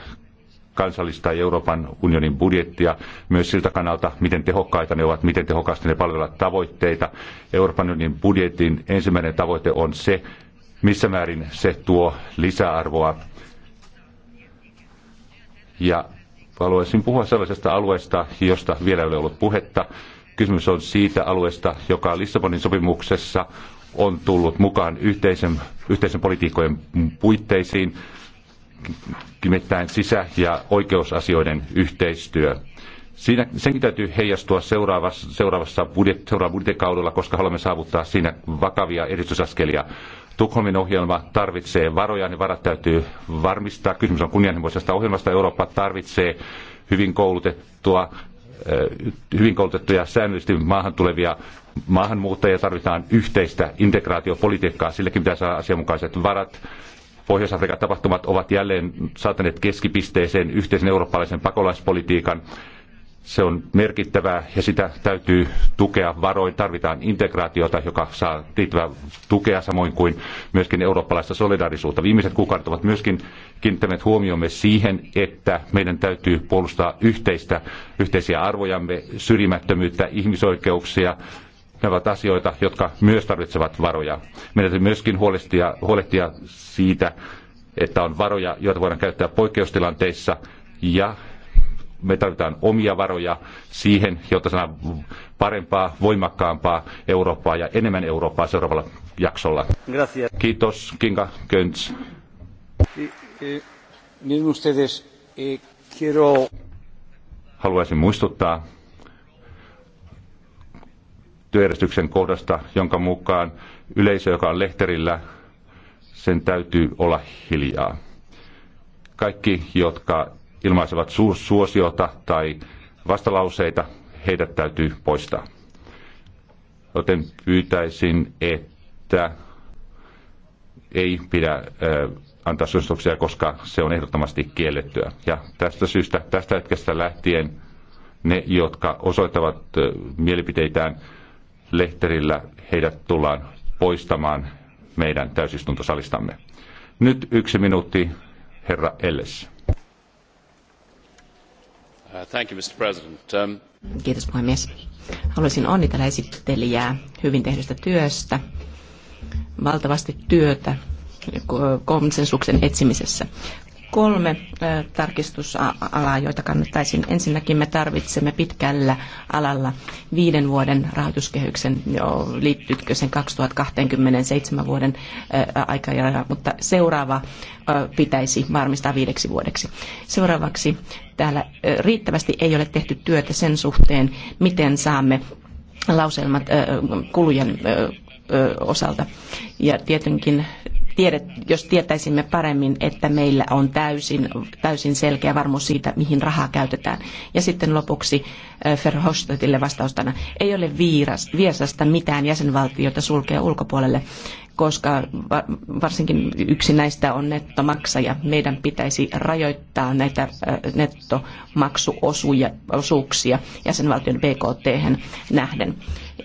kansallista ja Euroopan unionin budjettia myös siltä kannalta, miten tehokkaita ne ovat, miten tehokkaasti ne palvelevat tavoitteita. Euroopan unionin budjetin ensimmäinen tavoite on se, missä määrin se tuo lisäarvoa. Ja haluaisin puhua sellaisesta alueesta, josta vielä ei ole ollut puhetta. Kysymys on siitä alueesta, joka Lissabonin sopimuksessa on tullut mukaan yhteisen, yhteisen politiikkojen puitteisiin, nimittäin sisä- ja oikeusasioiden yhteistyö. Siinä, senkin täytyy heijastua seuraavassa, seuraavassa budjet, seuraavassa budjettikaudella, koska haluamme saavuttaa siinä vakavia edistysaskelia. Tukholmin ohjelma tarvitsee varoja, niin varat täytyy varmistaa. Kysymys on kunnianhimoisesta ohjelmasta. Eurooppa tarvitsee hyvin koulutettua eh, hyvin koulutettuja säännöllisesti maahan tulevia maahanmuuttajia. Tarvitaan yhteistä integraatiopolitiikkaa. Sillekin pitää saada asianmukaiset varat. Pohjois-Afrikan tapahtumat ovat jälleen saattaneet keskipisteeseen yhteisen eurooppalaisen pakolaispolitiikan. Se on merkittävää ja sitä täytyy tukea varoin. Tarvitaan integraatiota, joka saa riittävää tukea, samoin kuin myöskin eurooppalaista solidaarisuutta. Viimeiset kuukaudet ovat myöskin kiinnittäneet huomiomme siihen, että meidän täytyy puolustaa yhteistä, yhteisiä arvojamme, syrjimättömyyttä, ihmisoikeuksia, ne ovat asioita, jotka myös tarvitsevat varoja. Meidän täytyy myöskin huolehtia, huolehtia siitä, että on varoja, joita voidaan käyttää poikkeustilanteissa ja me tarvitaan omia varoja siihen, jotta saadaan parempaa, voimakkaampaa Eurooppaa ja enemmän Eurooppaa seuraavalla jaksolla. Gracias. Kiitos, Kinga Könts. Eh, eh, eh, Haluaisin muistuttaa työjärjestyksen kohdasta, jonka mukaan yleisö, joka on lehterillä, sen täytyy olla hiljaa. Kaikki, jotka ilmaisevat suosiota tai vastalauseita, heidät täytyy poistaa. Joten pyytäisin, että ei pidä antaa suosituksia, koska se on ehdottomasti kiellettyä. Ja tästä syystä, tästä hetkestä lähtien ne, jotka osoittavat äh, mielipiteitään lehterillä, heidät tullaan poistamaan meidän täysistuntosalistamme. Nyt yksi minuutti, herra Elles. Uh, um, Kiitos puhemies. Haluaisin onnitella esittelijää hyvin tehdystä työstä. Valtavasti työtä konsensuksen etsimisessä kolme tarkistusalaa, joita kannattaisin. Ensinnäkin me tarvitsemme pitkällä alalla viiden vuoden rahoituskehyksen, liittyykö sen 2027 vuoden aikajana, mutta seuraava pitäisi varmistaa viideksi vuodeksi. Seuraavaksi täällä riittävästi ei ole tehty työtä sen suhteen, miten saamme lauselmat kulujen osalta. Ja tietenkin tiedet, jos tietäisimme paremmin, että meillä on täysin, täysin selkeä varmuus siitä, mihin rahaa käytetään. Ja sitten lopuksi äh, Verhofstadtille vastaustana. Ei ole viiras, viisasta mitään jäsenvaltiota sulkea ulkopuolelle, koska varsinkin yksi näistä on nettomaksaja. Meidän pitäisi rajoittaa näitä nettomaksuosuuksia jäsenvaltion BKT hen nähden.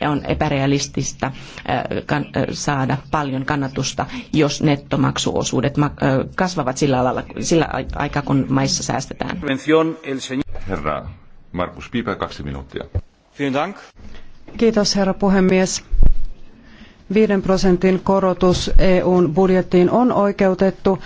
On epärealistista saada paljon kannatusta, jos nettomaksuosuudet kasvavat sillä, alalla, sillä aikaa, kun maissa säästetään. Herra Markus Piipä, kaksi minuuttia. Kiitos herra puhemies. 5 prosentin korotus EUn budjettiin on oikeutettu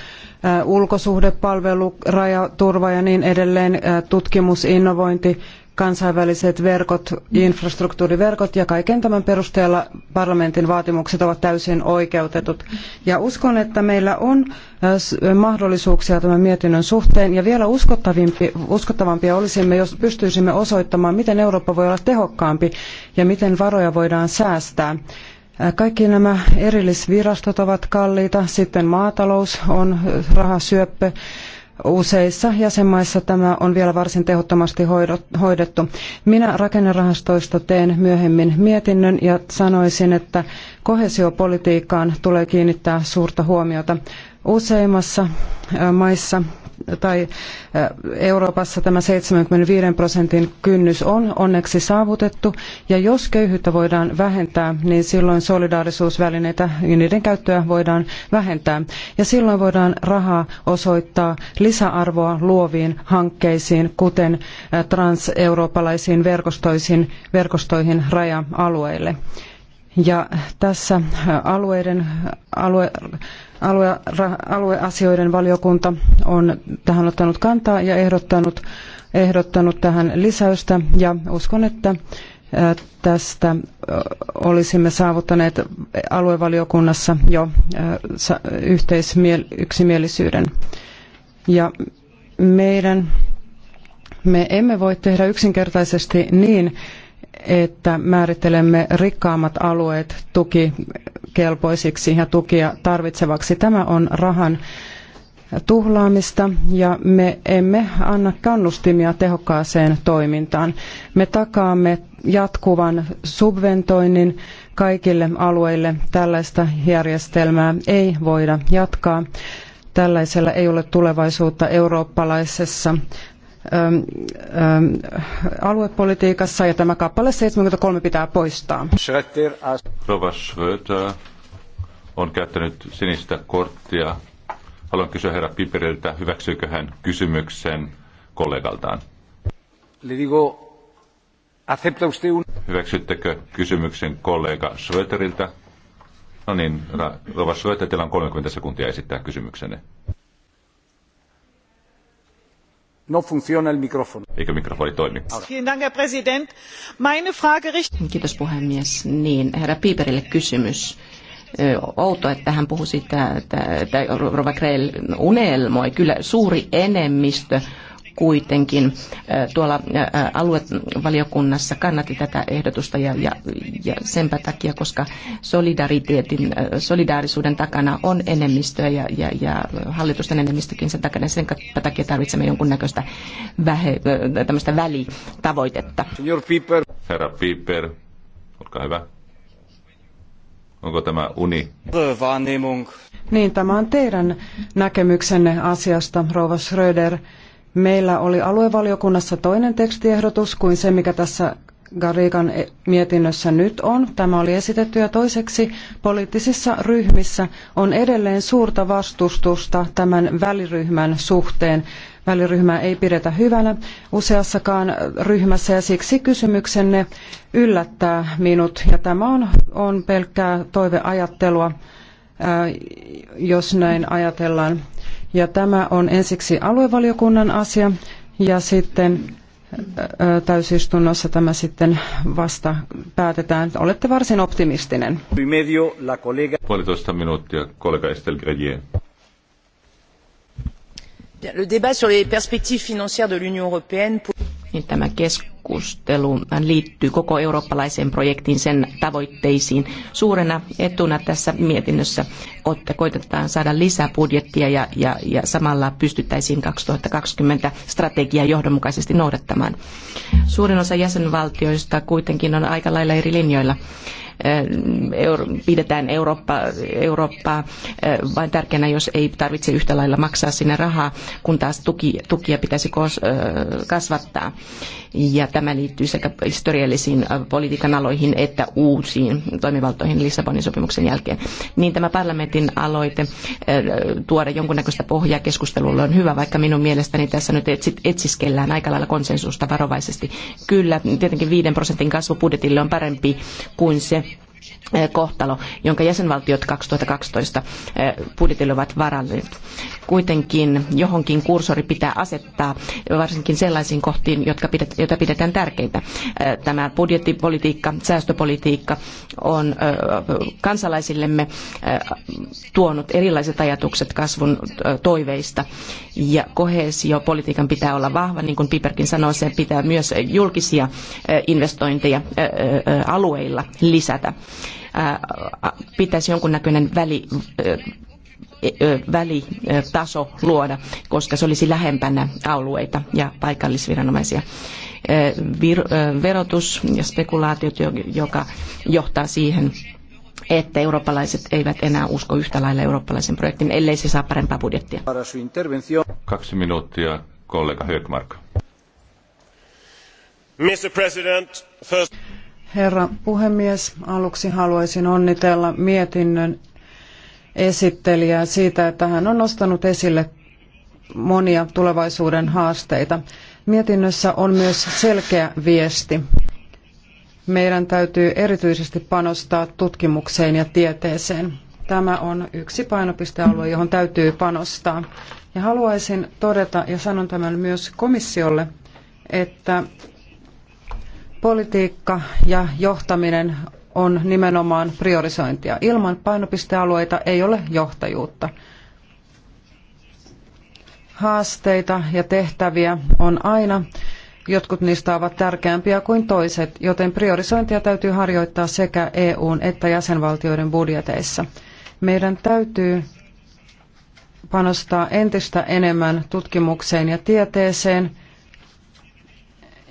äh, ulkosuhdepalvelu, rajaturva ja niin edelleen, äh, tutkimus, innovointi, kansainväliset verkot, infrastruktuuriverkot ja kaiken tämän perusteella parlamentin vaatimukset ovat täysin oikeutetut. Ja uskon, että meillä on äh, mahdollisuuksia tämän mietinnön suhteen ja vielä uskottavampia olisimme, jos pystyisimme osoittamaan, miten Eurooppa voi olla tehokkaampi ja miten varoja voidaan säästää. Kaikki nämä erillisvirastot ovat kalliita, sitten maatalous on rahasyöppö. Useissa jäsenmaissa tämä on vielä varsin tehottomasti hoidettu. Minä rakennerahastoista teen myöhemmin mietinnön ja sanoisin, että kohesiopolitiikkaan tulee kiinnittää suurta huomiota. Useimmassa maissa tai Euroopassa tämä 75 prosentin kynnys on onneksi saavutettu. Ja jos köyhyyttä voidaan vähentää, niin silloin solidaarisuusvälineitä ja niiden käyttöä voidaan vähentää. Ja silloin voidaan rahaa osoittaa lisäarvoa luoviin hankkeisiin, kuten transeurooppalaisiin verkostoihin, verkostoihin raja-alueille. Ja tässä alueiden, alue, Alue, alueasioiden valiokunta on tähän ottanut kantaa ja ehdottanut, ehdottanut tähän lisäystä ja uskon, että tästä olisimme saavuttaneet aluevaliokunnassa jo yhteisyksimielisyyden. Ja meidän, me emme voi tehdä yksinkertaisesti niin, että määrittelemme rikkaammat alueet tukikelpoisiksi ja tukia tarvitsevaksi. Tämä on rahan tuhlaamista ja me emme anna kannustimia tehokkaaseen toimintaan. Me takaamme jatkuvan subventoinnin kaikille alueille. Tällaista järjestelmää ei voida jatkaa. Tällaisella ei ole tulevaisuutta eurooppalaisessa Ähm, ähm, aluepolitiikassa ja tämä kappale 73 pitää poistaa. Rova Schröter on käyttänyt sinistä korttia. Haluan kysyä herra Piperiltä, hyväksyykö hän kysymyksen kollegaltaan? Le digo, Hyväksyttekö kysymyksen kollega Schröteriltä? No niin, Rova Schröter, teillä on 30 sekuntia esittää kysymyksenne. No funciona el mikrofon. Eikö mikrofoni toimi? Mm, kiitos puhemies. Niin, herra Piiperille kysymys outo, että hän puhui siitä, että, että Rova Krell unelmoi. Kyllä suuri enemmistö kuitenkin tuolla aluevaliokunnassa kannatti tätä ehdotusta ja, ja, ja senpä takia, koska solidariteetin, solidaarisuuden takana on enemmistöä ja, ja, ja hallitusten enemmistökin sen takana. Sen takia tarvitsemme jonkunnäköistä vähe, välitavoitetta. Senior Piper. Herra Piper, olkaa hyvä. Onko tämä uni? Niin, tämä on teidän näkemyksenne asiasta, rouva Schröder. Meillä oli aluevaliokunnassa toinen tekstiehdotus kuin se, mikä tässä Garikan e- mietinnössä nyt on. Tämä oli esitetty ja toiseksi poliittisissa ryhmissä on edelleen suurta vastustusta tämän väliryhmän suhteen. Väliryhmää ei pidetä hyvänä useassakaan ryhmässä ja siksi kysymyksenne yllättää minut ja tämä on, on pelkkää toiveajattelua, jos näin ajatellaan. Ja tämä on ensiksi aluevaliokunnan asia ja sitten täysistunnossa tämä sitten vasta päätetään. Olette varsin optimistinen. Puolitoista minuuttia, kollega Grelier. Le débat sur les perspectives financières de l'Union européenne pour niin tämä keskustelu liittyy koko eurooppalaiseen projektiin, sen tavoitteisiin. Suurena etuna tässä mietinnössä että koitetaan saada lisää budjettia ja, ja, ja samalla pystyttäisiin 2020 strategiaa johdonmukaisesti noudattamaan. Suurin osa jäsenvaltioista kuitenkin on aika lailla eri linjoilla euro, pidetään Eurooppa, Eurooppaa vain tärkeänä, jos ei tarvitse yhtä lailla maksaa sinne rahaa, kun taas tuki, tukia pitäisi kasvattaa. Ja tämä liittyy sekä historiallisiin politiikan aloihin että uusiin toimivaltoihin Lissabonin sopimuksen jälkeen. Niin tämä parlamentin aloite tuoda jonkunnäköistä pohjaa keskustelulle on hyvä, vaikka minun mielestäni tässä nyt etsiskellään aika lailla konsensusta varovaisesti. Kyllä, tietenkin viiden prosentin kasvu budjetille on parempi kuin se, kohtalo, jonka jäsenvaltiot 2012 eh, budjetille ovat varanneet. Kuitenkin johonkin kursori pitää asettaa, varsinkin sellaisiin kohtiin, jotka pidet, joita pidetään tärkeitä. Eh, tämä budjettipolitiikka, säästöpolitiikka on eh, kansalaisillemme tuonut erilaiset ajatukset kasvun toiveista. Ja koheesiopolitiikan pitää olla vahva, niin kuin Piperkin sanoi, se pitää myös julkisia investointeja alueilla lisätä pitäisi jonkunnäköinen väli, e, välitaso luoda, koska se olisi lähempänä alueita ja paikallisviranomaisia. Verotus ja spekulaatiot, joka johtaa siihen, että eurooppalaiset eivät enää usko yhtä lailla eurooppalaisen projektin, ellei se saa parempaa budjettia. Kaksi minuuttia, kollega Högmark. Mr. President, first... Herra puhemies, aluksi haluaisin onnitella mietinnön esittelijää siitä, että hän on nostanut esille monia tulevaisuuden haasteita. Mietinnössä on myös selkeä viesti. Meidän täytyy erityisesti panostaa tutkimukseen ja tieteeseen. Tämä on yksi painopistealue, johon täytyy panostaa. Ja haluaisin todeta, ja sanon tämän myös komissiolle, että Politiikka ja johtaminen on nimenomaan priorisointia. Ilman painopistealueita ei ole johtajuutta. Haasteita ja tehtäviä on aina. Jotkut niistä ovat tärkeämpiä kuin toiset, joten priorisointia täytyy harjoittaa sekä EUn että jäsenvaltioiden budjeteissa. Meidän täytyy panostaa entistä enemmän tutkimukseen ja tieteeseen,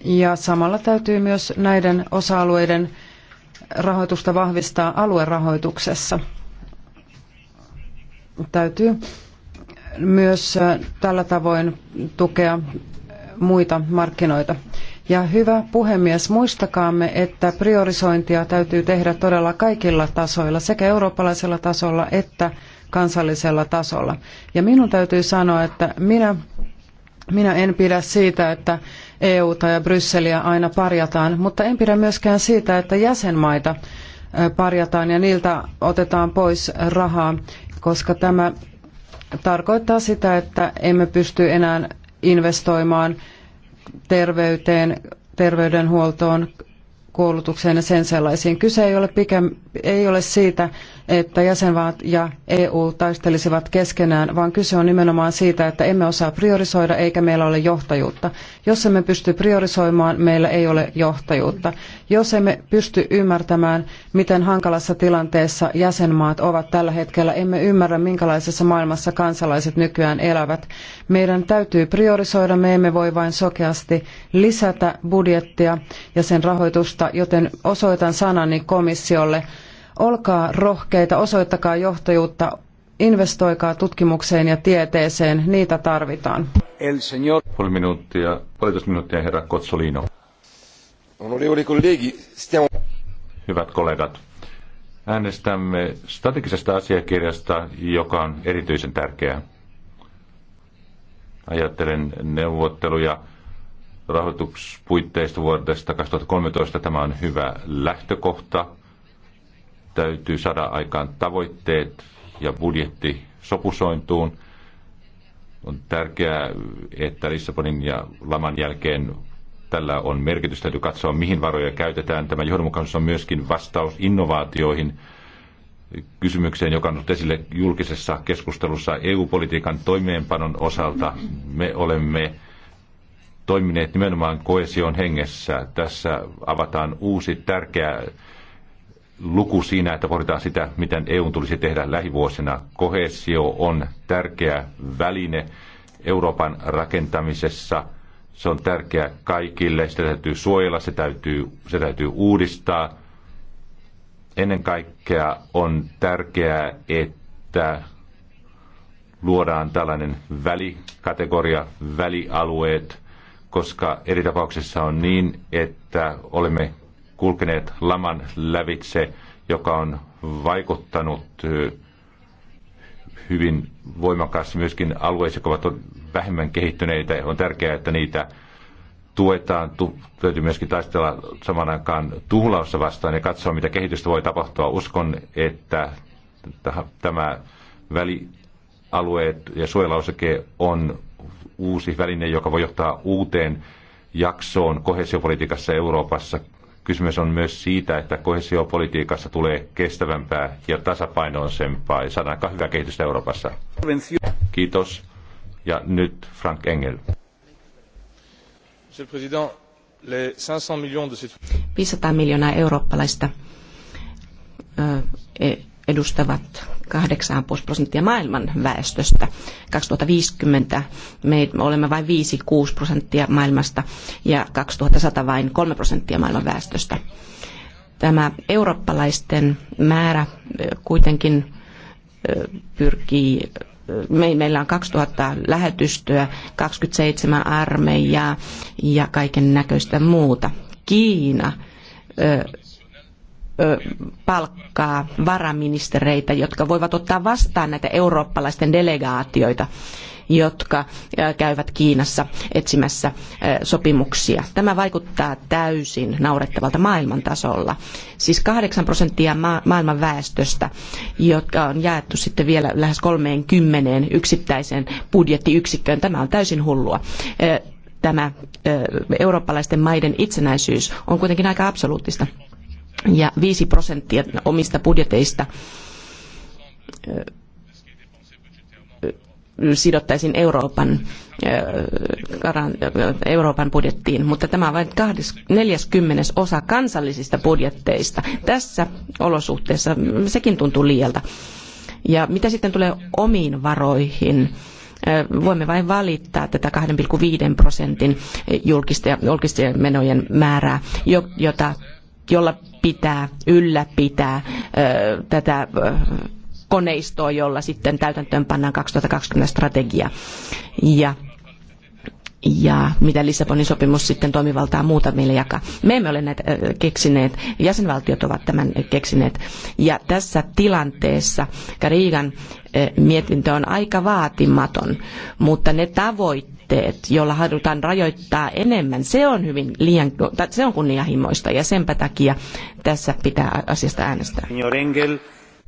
ja samalla täytyy myös näiden osa-alueiden rahoitusta vahvistaa aluerahoituksessa. Täytyy myös tällä tavoin tukea muita markkinoita. Ja hyvä puhemies, muistakaamme, että priorisointia täytyy tehdä todella kaikilla tasoilla, sekä eurooppalaisella tasolla että kansallisella tasolla. Ja minun täytyy sanoa, että minä, minä en pidä siitä, että EUta ja Brysseliä aina parjataan, mutta en pidä myöskään siitä, että jäsenmaita parjataan ja niiltä otetaan pois rahaa, koska tämä tarkoittaa sitä, että emme pysty enää investoimaan terveyteen, terveydenhuoltoon, koulutukseen ja sen sellaisiin. Kyse ei ole ei ole siitä, että jäsenvaat ja EU taistelisivat keskenään, vaan kyse on nimenomaan siitä, että emme osaa priorisoida eikä meillä ole johtajuutta. Jos emme pysty priorisoimaan, meillä ei ole johtajuutta. Jos emme pysty ymmärtämään, miten hankalassa tilanteessa jäsenmaat ovat tällä hetkellä, emme ymmärrä, minkälaisessa maailmassa kansalaiset nykyään elävät. Meidän täytyy priorisoida, me emme voi vain sokeasti lisätä budjettia ja sen rahoitusta, joten osoitan sanani komissiolle Olkaa rohkeita, osoittakaa johtajuutta, investoikaa tutkimukseen ja tieteeseen, niitä tarvitaan. El señor... Puoli minuuttia, puolitoista minuuttia herra Kotsolino. Hyvät kollegat, äänestämme strategisesta asiakirjasta, joka on erityisen tärkeä. Ajattelen neuvotteluja rahoituspuitteista vuodesta 2013. Tämä on hyvä lähtökohta täytyy saada aikaan tavoitteet ja budjetti sopusointuun. On tärkeää, että Lissabonin ja laman jälkeen tällä on merkitystä. Täytyy katsoa, mihin varoja käytetään. Tämä johdonmukaisuus on myöskin vastaus innovaatioihin, kysymykseen, joka on ollut esille julkisessa keskustelussa EU-politiikan toimeenpanon osalta. Me olemme toimineet nimenomaan koesion hengessä. Tässä avataan uusi tärkeä luku siinä, että pohditaan sitä, miten EU tulisi tehdä lähivuosina. Kohesio on tärkeä väline Euroopan rakentamisessa. Se on tärkeä kaikille, sitä täytyy suojella, se täytyy, se täytyy uudistaa. Ennen kaikkea on tärkeää, että luodaan tällainen välikategoria, välialueet, koska eri tapauksissa on niin, että olemme kulkeneet laman lävitse, joka on vaikuttanut hyvin voimakkaasti myöskin alueisiin, jotka ovat vähemmän kehittyneitä. On tärkeää, että niitä tuetaan, tu, täytyy myöskin taistella saman aikaan tuhlausta vastaan ja katsoa, mitä kehitystä voi tapahtua. Uskon, että tämä välialueet ja suojelauseke on uusi väline, joka voi johtaa uuteen jaksoon kohesiopolitiikassa Euroopassa Kysymys on myös siitä, että kohesiopolitiikassa tulee kestävämpää ja tasapainoisempaa ja saadaan hyvä kehitystä Euroopassa. Kiitos. Ja nyt Frank Engel. 500 miljoonaa eurooppalaista e- edustavat 8 prosenttia maailman väestöstä. 2050 me olemme vain 5-6 prosenttia maailmasta ja 2100 vain 3 prosenttia maailman väestöstä. Tämä eurooppalaisten määrä kuitenkin pyrkii meillä on 2000 lähetystöä, 27 armeijaa ja kaiken näköistä muuta. Kiina palkkaa varaministereitä, jotka voivat ottaa vastaan näitä eurooppalaisten delegaatioita jotka käyvät Kiinassa etsimässä sopimuksia. Tämä vaikuttaa täysin naurettavalta maailman tasolla. Siis 8 prosenttia maailman väestöstä, jotka on jaettu sitten vielä lähes 30 yksittäiseen budjettiyksikköön. Tämä on täysin hullua tämä eurooppalaisten maiden itsenäisyys on kuitenkin aika absoluuttista ja 5 prosenttia omista budjeteista sidottaisiin Euroopan, Euroopan budjettiin, mutta tämä on vain 40 osa kansallisista budjetteista. Tässä olosuhteessa sekin tuntuu liialta. Ja mitä sitten tulee omiin varoihin? Voimme vain valittaa tätä 2,5 prosentin julkisten menojen määrää, jota, jolla pitää ylläpitää tätä koneistoa, jolla sitten täytäntöön pannaan 2020 strategia. Ja ja mitä Lissabonin sopimus sitten toimivaltaa muuta meille jakaa. Me emme ole näitä keksineet, jäsenvaltiot ovat tämän keksineet. Ja tässä tilanteessa Karigan mietintö on aika vaatimaton, mutta ne tavoitteet, tavoitteet, joilla halutaan rajoittaa enemmän, se on, hyvin liian, se on kunnianhimoista ja senpä takia tässä pitää asiasta äänestää.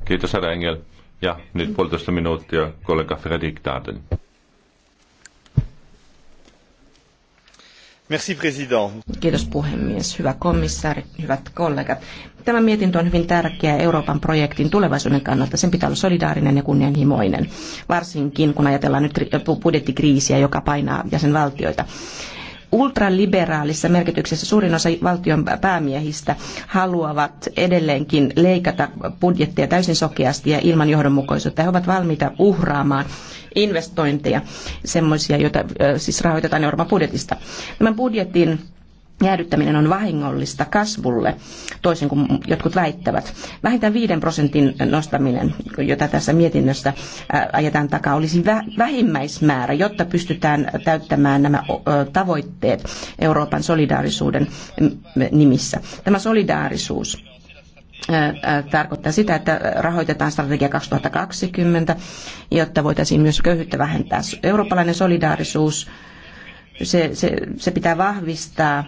Kiitos herra Engel. Ja nyt puolitoista minuuttia kollega Fredrik Daden. Merci, president. Kiitos puhemies. Hyvä komissaari, hyvät kollegat. Tämä mietintö on hyvin tärkeä Euroopan projektin tulevaisuuden kannalta. Sen pitää olla solidaarinen ja kunnianhimoinen, varsinkin kun ajatellaan nyt budjettikriisiä, joka painaa jäsenvaltioita ultraliberaalissa merkityksessä suurin osa valtion päämiehistä haluavat edelleenkin leikata budjetteja täysin sokeasti ja ilman johdonmukaisuutta. He ovat valmiita uhraamaan investointeja, semmoisia, joita siis rahoitetaan Euroopan budjetista. Tämän budjetin Jäädyttäminen on vahingollista kasvulle, toisin kuin jotkut väittävät. Vähintään viiden prosentin nostaminen, jota tässä mietinnössä ajetaan takaa, olisi vähimmäismäärä, jotta pystytään täyttämään nämä tavoitteet Euroopan solidaarisuuden nimissä. Tämä solidaarisuus tarkoittaa sitä, että rahoitetaan strategia 2020, jotta voitaisiin myös köyhyyttä vähentää. Eurooppalainen solidaarisuus, se, se, se pitää vahvistaa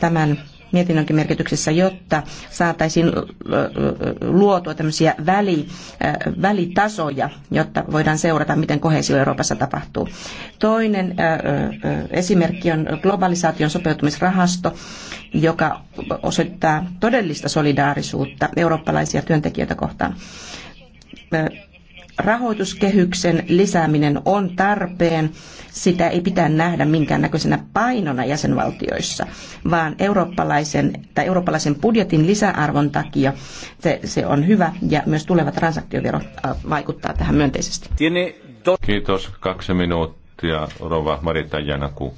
tämän mietinnönkin merkityksessä, jotta saataisiin luotua tämmöisiä väli, välitasoja, jotta voidaan seurata, miten kohesio Euroopassa tapahtuu. Toinen esimerkki on globalisaation sopeutumisrahasto, joka osoittaa todellista solidaarisuutta eurooppalaisia työntekijöitä kohtaan rahoituskehyksen lisääminen on tarpeen. Sitä ei pitää nähdä minkäännäköisenä painona jäsenvaltioissa, vaan eurooppalaisen, tai eurooppalaisen budjetin lisäarvon takia se, se on hyvä ja myös tuleva transaktiovero äh, vaikuttaa tähän myönteisesti. Kiitos. Kaksi minuuttia. Rova Marita Janaku.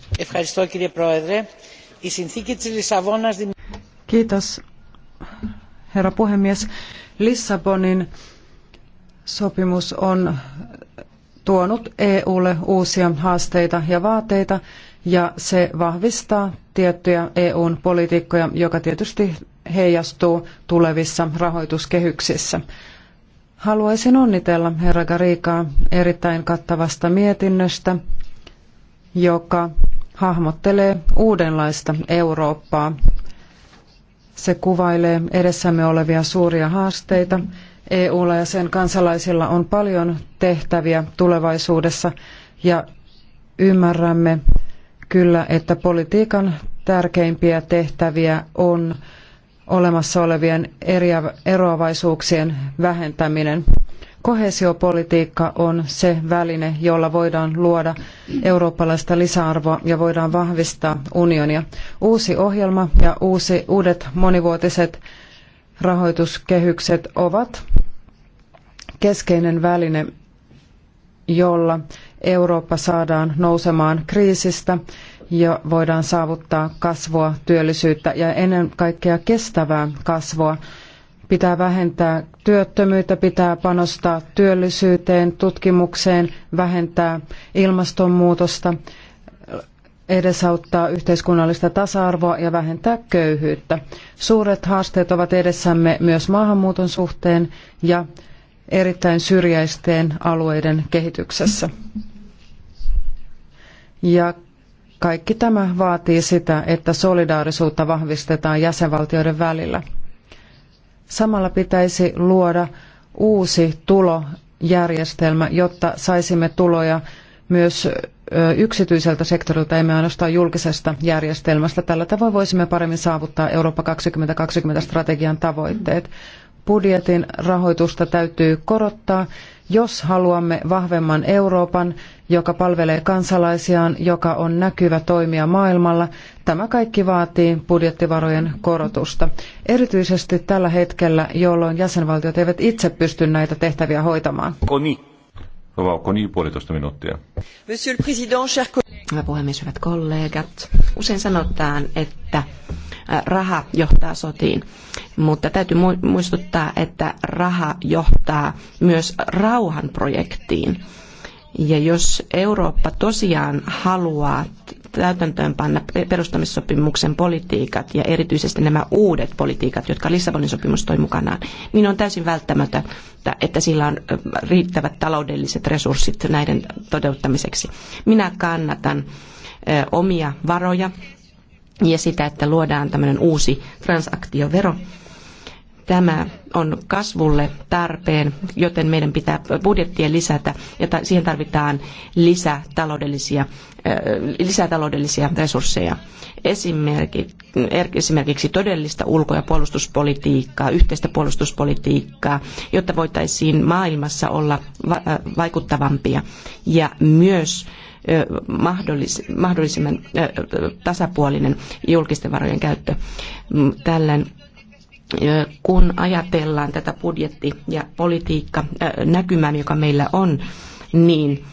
Kiitos, herra puhemies. Lissabonin Sopimus on tuonut EUlle uusia haasteita ja vaateita ja se vahvistaa tiettyjä EUn politiikkoja, joka tietysti heijastuu tulevissa rahoituskehyksissä. Haluaisin onnitella herra Garikaa erittäin kattavasta mietinnöstä, joka hahmottelee uudenlaista Eurooppaa. Se kuvailee edessämme olevia suuria haasteita EUlla ja sen kansalaisilla on paljon tehtäviä tulevaisuudessa ja ymmärrämme kyllä, että politiikan tärkeimpiä tehtäviä on olemassa olevien eroavaisuuksien vähentäminen. Koheesiopolitiikka on se väline, jolla voidaan luoda eurooppalaista lisäarvoa ja voidaan vahvistaa unionia. Uusi ohjelma ja uusi, uudet monivuotiset rahoituskehykset ovat keskeinen väline, jolla Eurooppa saadaan nousemaan kriisistä ja voidaan saavuttaa kasvua, työllisyyttä ja ennen kaikkea kestävää kasvua. Pitää vähentää työttömyyttä, pitää panostaa työllisyyteen, tutkimukseen, vähentää ilmastonmuutosta, edesauttaa yhteiskunnallista tasa-arvoa ja vähentää köyhyyttä. Suuret haasteet ovat edessämme myös maahanmuuton suhteen ja erittäin syrjäisten alueiden kehityksessä. Ja kaikki tämä vaatii sitä, että solidaarisuutta vahvistetaan jäsenvaltioiden välillä. Samalla pitäisi luoda uusi tulojärjestelmä, jotta saisimme tuloja myös yksityiseltä sektorilta, emme ainoastaan julkisesta järjestelmästä. Tällä tavoin voisimme paremmin saavuttaa Eurooppa 2020 strategian tavoitteet budjetin rahoitusta täytyy korottaa, jos haluamme vahvemman Euroopan, joka palvelee kansalaisiaan, joka on näkyvä toimija maailmalla. Tämä kaikki vaatii budjettivarojen korotusta. Erityisesti tällä hetkellä, jolloin jäsenvaltiot eivät itse pysty näitä tehtäviä hoitamaan. Vaukko niin Hyvä puhemies, hyvät kollegat. Usein sanotaan, että raha johtaa sotiin, mutta täytyy muistuttaa, että raha johtaa myös rauhanprojektiin. Ja jos Eurooppa tosiaan haluaa täytäntöönpanna perustamissopimuksen politiikat ja erityisesti nämä uudet politiikat, jotka Lissabonin sopimus toi mukanaan, niin on täysin välttämätöntä, että sillä on riittävät taloudelliset resurssit näiden toteuttamiseksi. Minä kannatan omia varoja ja sitä, että luodaan tämmöinen uusi transaktiovero, Tämä on kasvulle tarpeen, joten meidän pitää budjettia lisätä ja siihen tarvitaan lisää taloudellisia, äh, lisää taloudellisia resursseja. Esimerkiksi todellista ulko- ja puolustuspolitiikkaa, yhteistä puolustuspolitiikkaa, jotta voitaisiin maailmassa olla äh, vaikuttavampia ja myös äh, mahdollisimman tasapuolinen julkisten varojen käyttö. Mm, Tällöin kun ajatellaan tätä budjetti- ja politiikka näkymää, joka meillä on, niin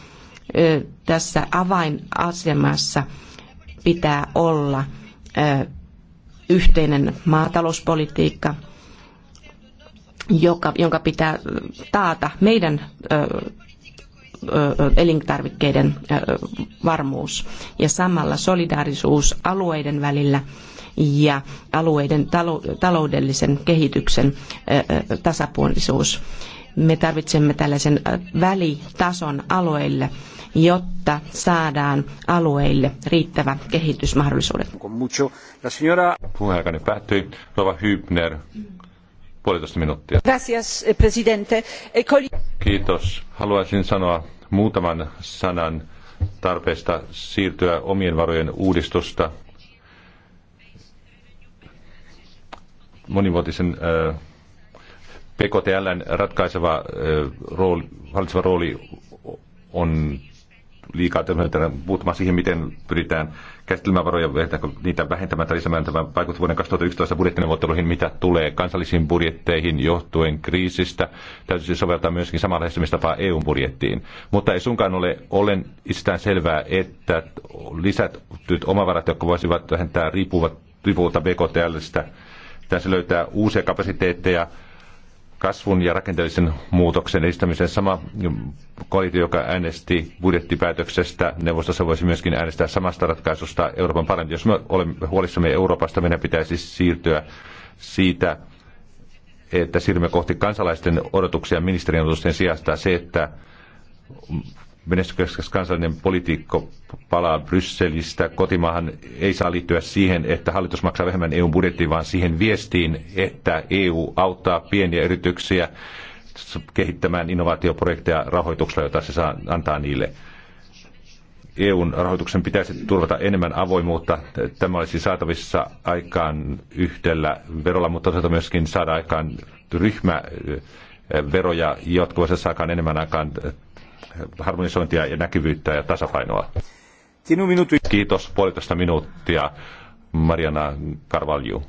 tässä avainasemassa pitää olla yhteinen maatalouspolitiikka, joka, jonka pitää taata meidän elintarvikkeiden varmuus ja samalla solidaarisuus alueiden välillä – ja alueiden taloudellisen kehityksen tasapuolisuus. Me tarvitsemme tällaisen välitason alueille, jotta saadaan alueille riittävä kehitysmahdollisuudet. Puheenjohtajani päättyi. Rova Hübner, puolitoista minuuttia. Gracias, eh, presidente. Eh, Kiitos. Haluaisin sanoa muutaman sanan tarpeesta siirtyä omien varojen uudistusta monivuotisen PKTLn ratkaiseva rooli, hallitseva rooli on liikaa puuttumaan siihen, miten pyritään käsittelemään varoja, niitä vähentämään tai lisäämään tämän vaikutus vuoden 2011 budjettineuvotteluihin, mitä tulee kansallisiin budjetteihin johtuen kriisistä. Täytyisi soveltaa myöskin samaa lähestymistapaa EU-budjettiin. Mutta ei sunkaan ole olen itsestään selvää, että lisätyt omavarat, jotka voisivat vähentää riippuvuutta BKTLstä, pitäisi löytää uusia kapasiteetteja kasvun ja rakenteellisen muutoksen edistämisen sama koalitio, joka äänesti budjettipäätöksestä neuvostossa, voisi myöskin äänestää samasta ratkaisusta Euroopan parempi. Jos me olemme huolissamme Euroopasta, meidän pitäisi siirtyä siitä, että siirrymme kohti kansalaisten odotuksia ministeriön odotusten sijasta. Se, että menestyksekäs kansallinen politiikko palaa Brysselistä. Kotimaahan ei saa liittyä siihen, että hallitus maksaa vähemmän EUn budjettiin, vaan siihen viestiin, että EU auttaa pieniä yrityksiä kehittämään innovaatioprojekteja rahoituksella, jota se saa antaa niille. EUn rahoituksen pitäisi turvata enemmän avoimuutta. Tämä olisi saatavissa aikaan yhdellä verolla, mutta toisaalta myöskin saada aikaan ryhmä veroja, jotka voisivat saakaan enemmän aikaan harmonisointia ja näkyvyyttä ja tasapainoa. Kiitos puolitoista minuuttia. Mariana Carvalho.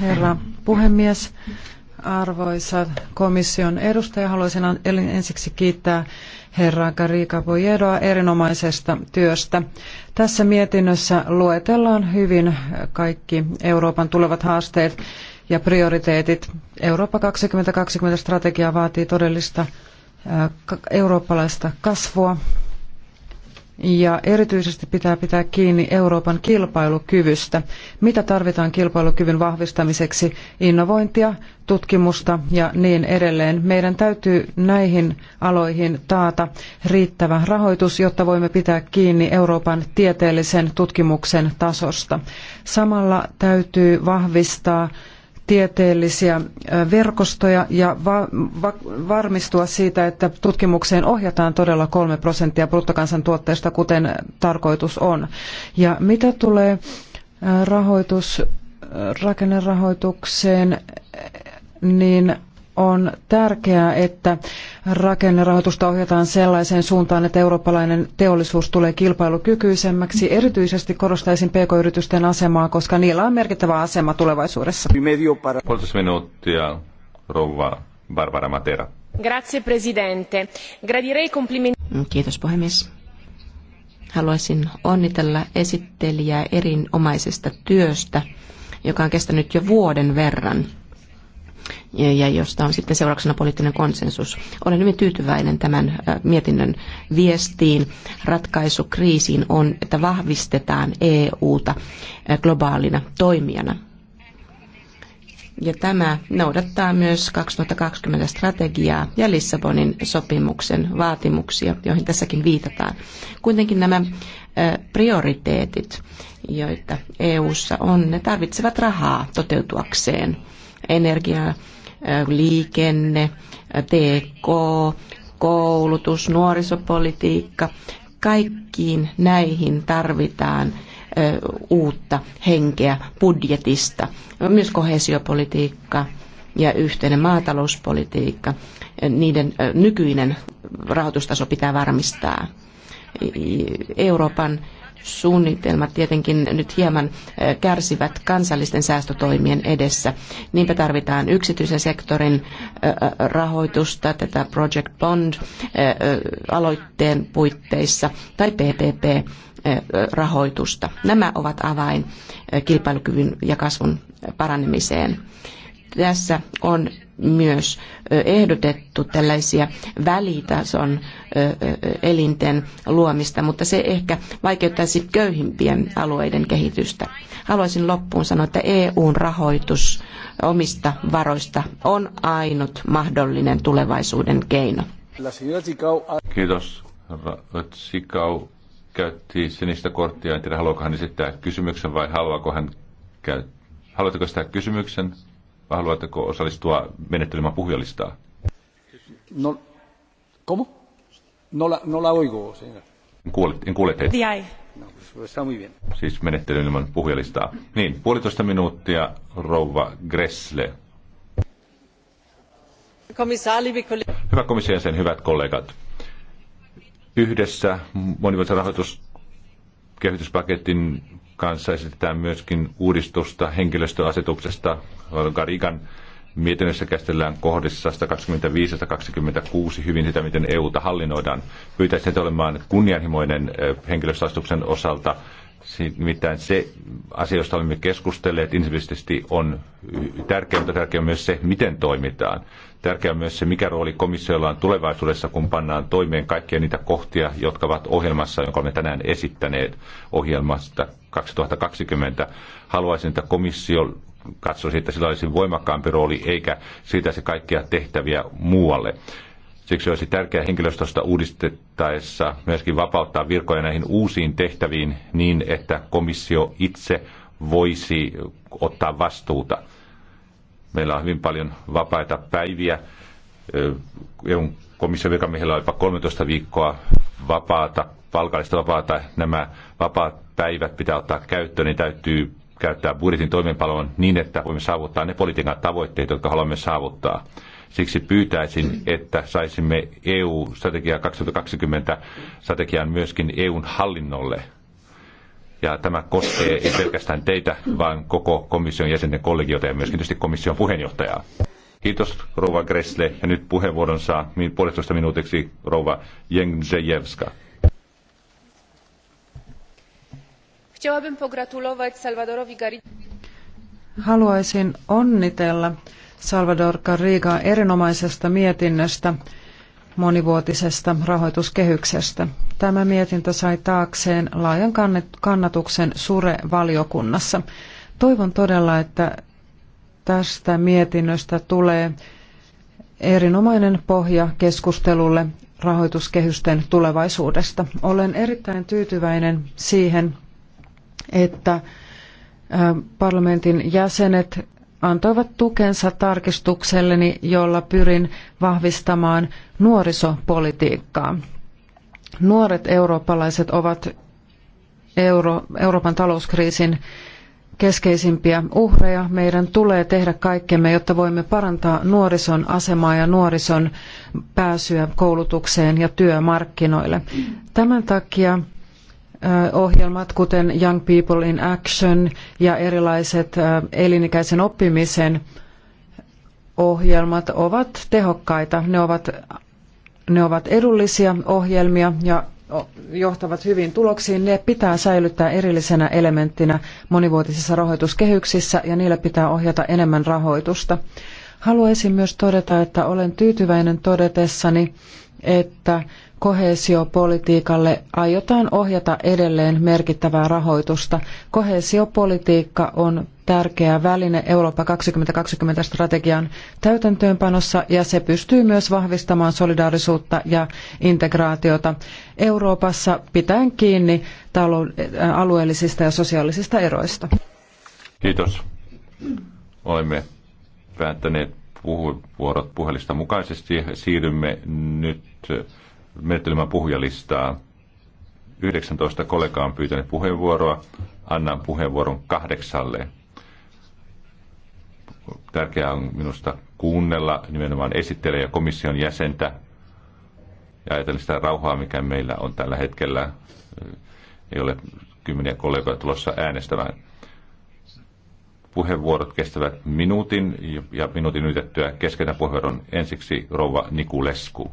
Herra puhemies, arvoisa komission edustaja, haluaisin ensiksi kiittää herra Karika Pojedoa erinomaisesta työstä. Tässä mietinnössä luetellaan hyvin kaikki Euroopan tulevat haasteet ja prioriteetit. Eurooppa 2020 strategia vaatii todellista äh, eurooppalaista kasvua ja erityisesti pitää pitää kiinni Euroopan kilpailukyvystä. Mitä tarvitaan kilpailukyvyn vahvistamiseksi? Innovointia, tutkimusta ja niin edelleen. Meidän täytyy näihin aloihin taata riittävä rahoitus, jotta voimme pitää kiinni Euroopan tieteellisen tutkimuksen tasosta. Samalla täytyy vahvistaa tieteellisiä verkostoja ja varmistua siitä, että tutkimukseen ohjataan todella kolme prosenttia bruttokansantuotteesta, kuten tarkoitus on. Ja mitä tulee rahoitus, rakennerahoitukseen, niin on tärkeää, että rakennerahoitusta ohjataan sellaiseen suuntaan, että eurooppalainen teollisuus tulee kilpailukykyisemmäksi. Erityisesti korostaisin pk-yritysten asemaa, koska niillä on merkittävä asema tulevaisuudessa. Puolitoista minuuttia, rouva Barbara Matera. Grazie presidente. Gradirei complimenti. Kiitos puhemies. Haluaisin onnitella esittelijää erinomaisesta työstä, joka on kestänyt jo vuoden verran ja josta on sitten seurauksena poliittinen konsensus. Olen hyvin tyytyväinen tämän äh, mietinnön viestiin. Ratkaisu kriisiin on, että vahvistetaan EUta äh, globaalina toimijana. Ja tämä noudattaa myös 2020 strategiaa ja Lissabonin sopimuksen vaatimuksia, joihin tässäkin viitataan. Kuitenkin nämä äh, prioriteetit, joita EU:ssa on, ne tarvitsevat rahaa toteutuakseen energia, liikenne, TK, koulutus, nuorisopolitiikka. Kaikkiin näihin tarvitaan uutta henkeä budjetista. Myös kohesiopolitiikka ja yhteinen maatalouspolitiikka, niiden nykyinen rahoitustaso pitää varmistaa. Euroopan suunnitelmat tietenkin nyt hieman kärsivät kansallisten säästötoimien edessä. Niinpä tarvitaan yksityisen sektorin rahoitusta tätä Project Bond-aloitteen puitteissa tai PPP rahoitusta. Nämä ovat avain kilpailukyvyn ja kasvun paranemiseen tässä on myös ehdotettu tällaisia välitason elinten luomista, mutta se ehkä vaikeuttaisi köyhimpien alueiden kehitystä. Haluaisin loppuun sanoa, että EUn rahoitus omista varoista on ainut mahdollinen tulevaisuuden keino. Kiitos. Sikau käytti sinistä korttia. En tiedä, haluaako hän esittää kysymyksen vai haluaako hän käy... Haluatteko sitä kysymyksen? Haluatteko osallistua menettelemään puhujalistaa? No, como? No la, no la oigo, señor. En kuule, en kuule teitä. No, está muy bien. Siis menettely ilman puhujalistaa. Niin, puolitoista minuuttia, rouva Gressle. Hyvä komissio ja sen hyvät kollegat. Yhdessä monivuotisen rahoitus kehityspaketin kanssa esitetään myöskin uudistusta henkilöstöasetuksesta. Garigan mietinnössä käsitellään kohdissa 125-126 hyvin sitä, miten EUta hallinnoidaan. Pyytäisin että olemaan kunnianhimoinen henkilöstöasetuksen osalta. Nimittäin se asia, josta olemme keskustelleet on tärkeä, mutta tärkeä on myös se, miten toimitaan. Tärkeää on myös se, mikä rooli komissiolla on tulevaisuudessa, kun pannaan toimeen kaikkia niitä kohtia, jotka ovat ohjelmassa, jonka olemme tänään esittäneet ohjelmasta 2020. Haluaisin, että komissio katsoisi, että sillä olisi voimakkaampi rooli, eikä siitä se kaikkia tehtäviä muualle. Siksi olisi tärkeää henkilöstöstä uudistettaessa myöskin vapauttaa virkoja näihin uusiin tehtäviin niin, että komissio itse voisi ottaa vastuuta. Meillä on hyvin paljon vapaita päiviä. EUn komission virkamiehillä on jopa 13 viikkoa vapaata, palkallista vapaata. Nämä vapaat päivät pitää ottaa käyttöön, niin täytyy käyttää budjetin toimeenpanoon niin, että voimme saavuttaa ne politiikan tavoitteet, jotka haluamme saavuttaa. Siksi pyytäisin, että saisimme EU-strategia 2020 strategian myöskin EUn hallinnolle ja tämä koskee ei pelkästään teitä, vaan koko komission jäsenten kollegiota ja myöskin tietysti komission puheenjohtajaa. Kiitos rouva Gressle ja nyt puheenvuoron saa puolitoista minuutiksi rouva Jędrzejewska. Haluaisin onnitella Salvador Garriga erinomaisesta mietinnöstä monivuotisesta rahoituskehyksestä. Tämä mietintö sai taakseen laajan kannatuksen Sure-valiokunnassa. Toivon todella, että tästä mietinnöstä tulee erinomainen pohja keskustelulle rahoituskehysten tulevaisuudesta. Olen erittäin tyytyväinen siihen, että parlamentin jäsenet antoivat tukensa tarkistukselleni, jolla pyrin vahvistamaan nuorisopolitiikkaa. Nuoret eurooppalaiset ovat Euro, Euroopan talouskriisin keskeisimpiä uhreja. Meidän tulee tehdä kaikkemme, jotta voimme parantaa nuorison asemaa ja nuorison pääsyä koulutukseen ja työmarkkinoille. Tämän takia ohjelmat, kuten Young People in Action ja erilaiset elinikäisen oppimisen ohjelmat ovat tehokkaita. Ne ovat, ne ovat edullisia ohjelmia ja johtavat hyvin tuloksiin. Ne pitää säilyttää erillisenä elementtinä monivuotisissa rahoituskehyksissä ja niillä pitää ohjata enemmän rahoitusta. Haluaisin myös todeta, että olen tyytyväinen todetessani, että koheesiopolitiikalle aiotaan ohjata edelleen merkittävää rahoitusta. Koheesiopolitiikka on tärkeä väline Eurooppa 2020 strategian täytäntöönpanossa ja se pystyy myös vahvistamaan solidaarisuutta ja integraatiota Euroopassa pitäen kiinni äh, alueellisista ja sosiaalisista eroista. Kiitos. Olemme päättäneet puheenvuorot puhelista mukaisesti. Siirrymme nyt menettelemään puhujalistaa. 19 kollegaa on pyytänyt puheenvuoroa. Annan puheenvuoron kahdeksalle. Tärkeää on minusta kuunnella nimenomaan esittelejä ja komission jäsentä ja ajatella sitä rauhaa, mikä meillä on tällä hetkellä. Ei ole kymmeniä kollegoja tulossa äänestämään. Puheenvuorot kestävät minuutin ja minuutin ylitettyä keskenä puheenvuoron ensiksi rouva Nikulesku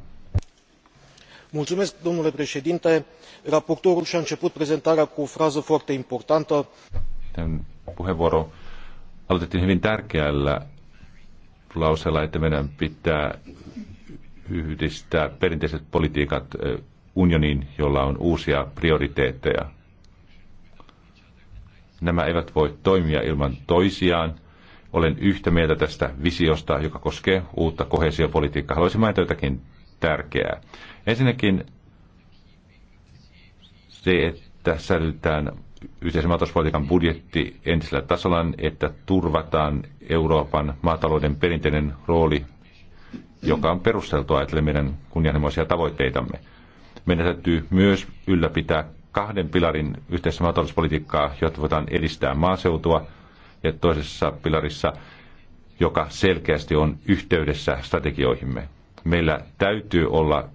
raportorul i a început prezentarea cu o frază foarte importantă puheenvuoro aloitettiin hyvin tärkeällä lauseella, että meidän pitää yhdistää perinteiset politiikat unioniin, jolla on uusia prioriteetteja. Nämä eivät voi toimia ilman toisiaan. Olen yhtä mieltä tästä visiosta, joka koskee uutta kohesiopolitiikkaa. Haluaisin mainita jotakin tärkeää. Ensinnäkin se, että säilytetään yhteisen maatalouspolitiikan budjetti entisellä tasolla, että turvataan Euroopan maatalouden perinteinen rooli, joka on perusteltua ajatellen meidän kunnianhimoisia tavoitteitamme. Meidän täytyy myös ylläpitää kahden pilarin yhteistä maatalouspolitiikkaa, jotta voidaan edistää maaseutua, ja toisessa pilarissa, joka selkeästi on yhteydessä strategioihimme. Meillä täytyy olla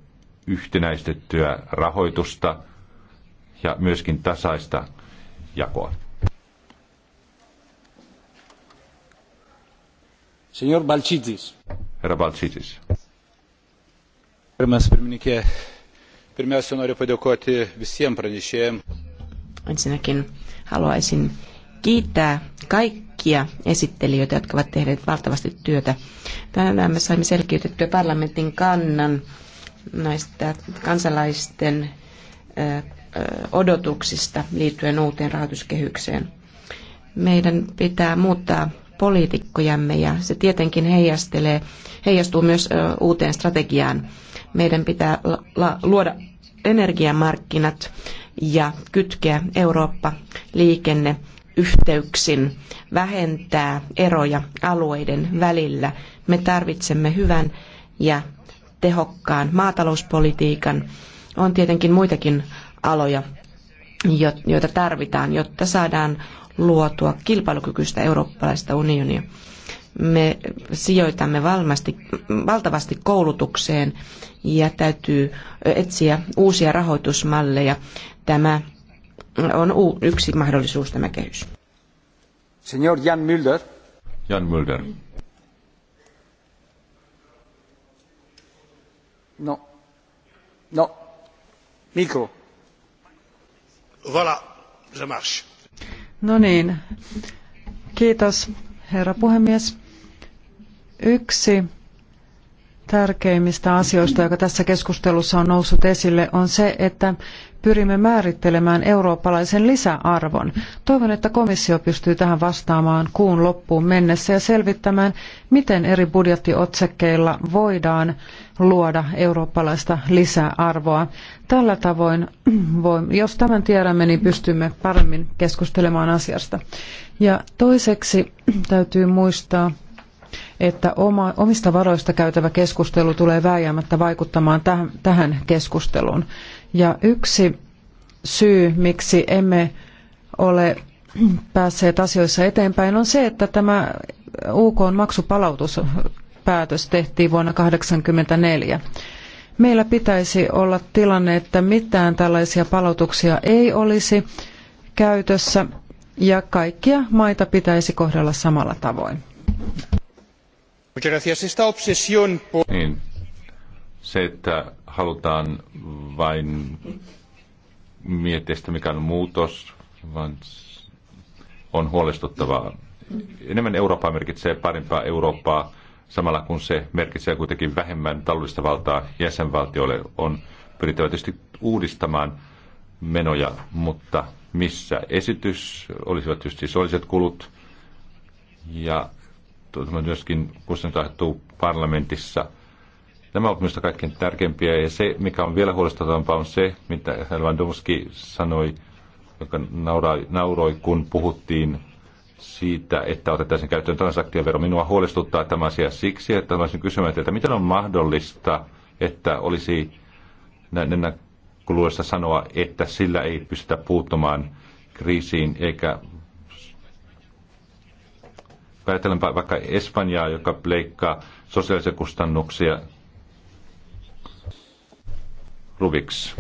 yhtenäistettyä rahoitusta ja myöskin tasaista jakoa. Señor Balcidis. Herra Balcidis. Pirmas pirmininkė, pirmiausia noriu padėkoti visiems pranešėjams. Ensinnäkin haluaisin kiittää kaikkia esittelijöitä, jotka ovat tehneet valtavasti työtä. Tänään me saimme selkiytettyä parlamentin kannan näistä kansalaisten odotuksista liittyen uuteen rahoituskehykseen. Meidän pitää muuttaa poliitikkojamme ja se tietenkin heijastelee, heijastuu myös uuteen strategiaan. Meidän pitää luoda energiamarkkinat ja kytkeä Eurooppa liikenne yhteyksin, vähentää eroja alueiden välillä. Me tarvitsemme hyvän ja tehokkaan maatalouspolitiikan. On tietenkin muitakin aloja, joita tarvitaan, jotta saadaan luotua kilpailukykyistä eurooppalaista unionia. Me sijoitamme valmasti, valtavasti koulutukseen ja täytyy etsiä uusia rahoitusmalleja. Tämä on yksi mahdollisuus tämä kehys. Señor Jan Mulder. Jan Mulder. Se no. no. no niin. Kiitos, herra puhemies. Yksi tärkeimmistä asioista, joka tässä keskustelussa on noussut esille, on se, että pyrimme määrittelemään eurooppalaisen lisäarvon. Toivon, että komissio pystyy tähän vastaamaan kuun loppuun mennessä ja selvittämään, miten eri budjettiotsekkeilla voidaan luoda eurooppalaista lisäarvoa. Tällä tavoin, jos tämän tiedämme, niin pystymme paremmin keskustelemaan asiasta. Ja toiseksi täytyy muistaa, että oma, omista varoista käytävä keskustelu tulee vääjäämättä vaikuttamaan tähän, tähän keskusteluun. Ja yksi syy, miksi emme ole päässeet asioissa eteenpäin, on se, että tämä UK maksupalautuspäätös tehtiin vuonna 1984. Meillä pitäisi olla tilanne, että mitään tällaisia palautuksia ei olisi käytössä ja kaikkia maita pitäisi kohdella samalla tavoin. Niin, se, että halutaan vain miettiä sitä, mikä on muutos, vaan on huolestuttavaa. Enemmän Eurooppaa merkitsee parempaa Eurooppaa, samalla kun se merkitsee kuitenkin vähemmän taloudellista valtaa jäsenvaltioille. On pyrittävä tietysti uudistamaan menoja, mutta missä esitys, olisivat tietysti solliset kulut ja tuota, myöskin kustannut parlamentissa – Nämä ovat minusta kaikkein tärkeimpiä ja se, mikä on vielä huolestuttavampaa, on se, mitä Lewandowski sanoi, joka naurai, nauroi, kun puhuttiin siitä, että otettaisiin käyttöön transaktiovero. Minua huolestuttaa tämä asia siksi, että haluaisin kysymään teiltä, miten on mahdollista, että olisi näin kuluessa sanoa, että sillä ei pystytä puuttumaan kriisiin eikä ajatellaan vaikka Espanjaa, joka leikkaa sosiaalisia kustannuksia Rubiks.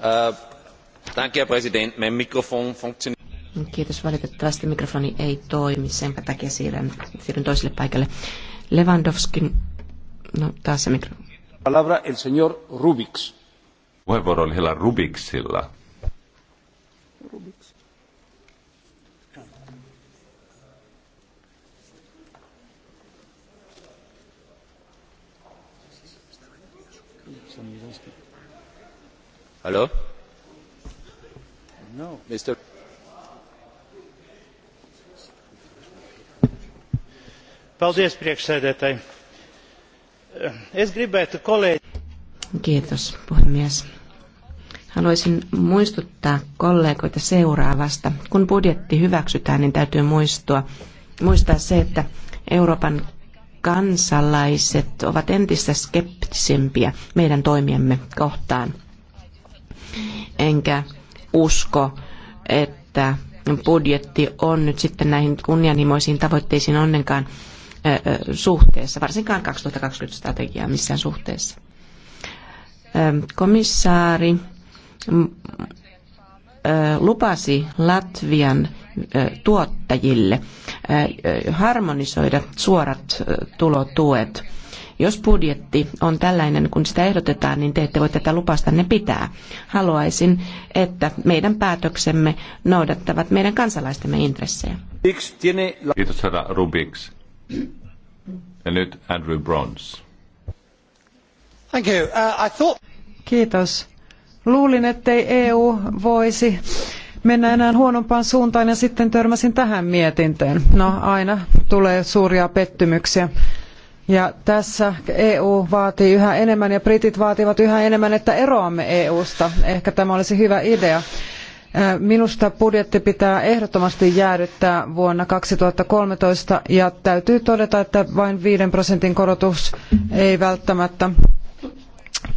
Äh, Kiitos. Valitettavasti mikrofoni ei toimi. Senpä takia siirrän, siirryn toiselle paikalle. Lewandowski. No, taas se mikro... Palabra el señor Rubiks. Puheenvuoro oli Rubiksilla. Rubik. No. Paldies, eh, Es gribētu kolēģi... Kiitos, puhemies. Haluaisin muistuttaa kollegoita seuraavasta. Kun budjetti hyväksytään, niin täytyy muistua, muistaa se, että Euroopan kansalaiset ovat entistä skeptisempiä meidän toimiemme kohtaan – enkä usko, että budjetti on nyt sitten näihin kunnianhimoisiin tavoitteisiin onnenkaan suhteessa, varsinkaan 2020 strategiaa missään suhteessa. Komissaari lupasi Latvian tuottajille harmonisoida suorat tulotuet jos budjetti on tällainen, kun sitä ehdotetaan, niin te ette voi tätä lupastanne pitää. Haluaisin, että meidän päätöksemme noudattavat meidän kansalaistemme intressejä. Kiitos herra Rubiks. Ja nyt Andrew Thank you. Uh, I thought... Kiitos. Luulin, ettei EU voisi mennä enää huonompaan suuntaan ja sitten törmäsin tähän mietintöön. No aina tulee suuria pettymyksiä. Ja tässä EU vaatii yhä enemmän ja britit vaativat yhä enemmän, että eroamme EUsta. Ehkä tämä olisi hyvä idea. Minusta budjetti pitää ehdottomasti jäädyttää vuonna 2013 ja täytyy todeta, että vain 5 prosentin korotus ei välttämättä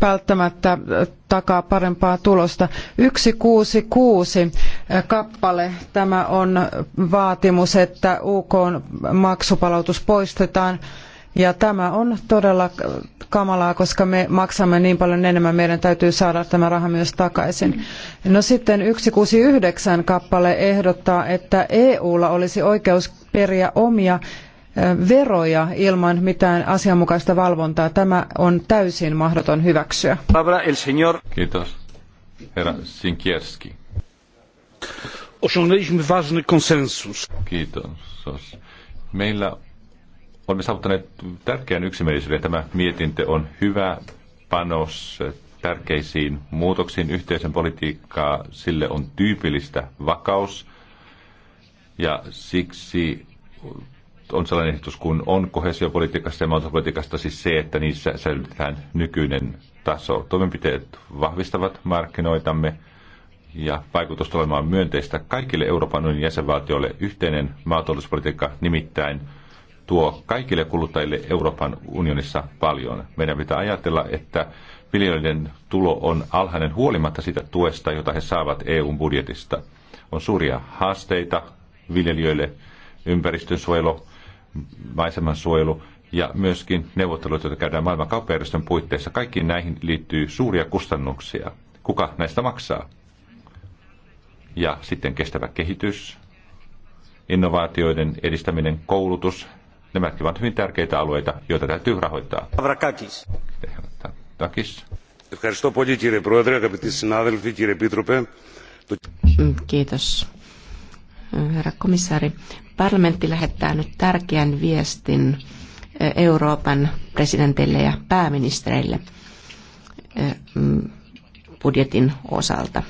välttämättä takaa parempaa tulosta. 166 kappale, tämä on vaatimus, että UK maksupalautus poistetaan ja tämä on todella kamalaa, koska me maksamme niin paljon enemmän, meidän täytyy saada tämä raha myös takaisin. No sitten 169 kappale ehdottaa, että EUlla olisi oikeus periä omia veroja ilman mitään asianmukaista valvontaa. Tämä on täysin mahdoton hyväksyä. Kiitos. Herra Sinkierski. ważny konsensus. Kiitos. Meillä Olemme saavuttaneet tärkeän yksimielisyyden. Tämä mietintö on hyvä panos tärkeisiin muutoksiin yhteisen politiikkaa. Sille on tyypillistä vakaus ja siksi on sellainen ehdotus kun on kohesiopolitiikasta ja maatalouspolitiikasta siis se, että niissä säilytetään nykyinen taso. Toimenpiteet vahvistavat markkinoitamme ja vaikutus olemaan myönteistä kaikille Euroopan unionin jäsenvaltioille. Yhteinen maatalouspolitiikka nimittäin tuo kaikille kuluttajille Euroopan unionissa paljon. Meidän pitää ajatella, että viljelijöiden tulo on alhainen huolimatta siitä tuesta, jota he saavat EUn budjetista. On suuria haasteita viljelijöille, ympäristönsuojelu, maisemansuojelu ja myöskin neuvottelut, joita käydään maailman kauppajärjestön puitteissa. Kaikkiin näihin liittyy suuria kustannuksia. Kuka näistä maksaa? Ja sitten kestävä kehitys, innovaatioiden edistäminen, koulutus, Nämä ovat hyvin tärkeitä alueita, joita täytyy rahoittaa. Avrakakis. Takis. Mm, Kiitos. Herra komissaari, parlamentti lähettää nyt tärkeän viestin eh, Euroopan presidentille ja pääministerille eh, mm, budjetin osalta.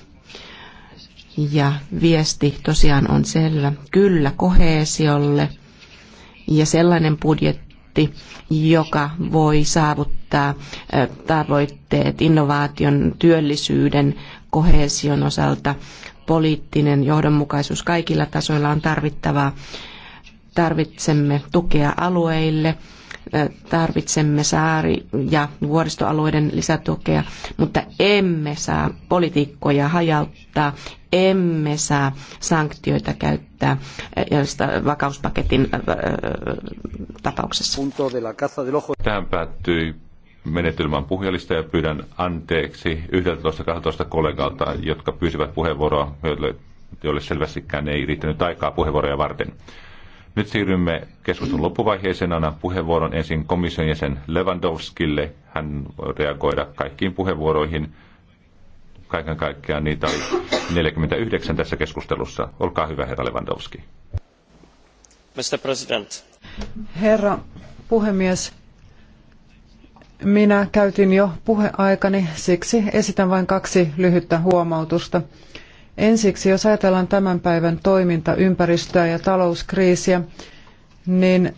Ja viesti tosiaan on selvä. Kyllä koheesiolle – ja sellainen budjetti, joka voi saavuttaa tavoitteet innovaation, työllisyyden, kohesion osalta. Poliittinen johdonmukaisuus kaikilla tasoilla on tarvittavaa. Tarvitsemme tukea alueille, Tarvitsemme saari- ja vuoristoalueiden lisätukea, mutta emme saa politiikkoja hajauttaa, emme saa sanktioita käyttää vakauspaketin tapauksessa. Tähän päättyi menetelmän puhujalista ja pyydän anteeksi 11-12 kollegalta, jotka pyysivät puheenvuoroa, joille selvästikään ei riittänyt aikaa puheenvuoroja varten. Nyt siirrymme keskustelun loppuvaiheeseen. Anna puheenvuoron ensin komission jäsen Lewandowskille. Hän voi reagoida kaikkiin puheenvuoroihin. Kaiken kaikkiaan niitä oli 49 tässä keskustelussa. Olkaa hyvä, herra Lewandowski. Mr. President. Herra puhemies, minä käytin jo puheaikani, siksi esitän vain kaksi lyhyttä huomautusta. Ensiksi, jos ajatellaan tämän päivän toimintaympäristöä ja talouskriisiä, niin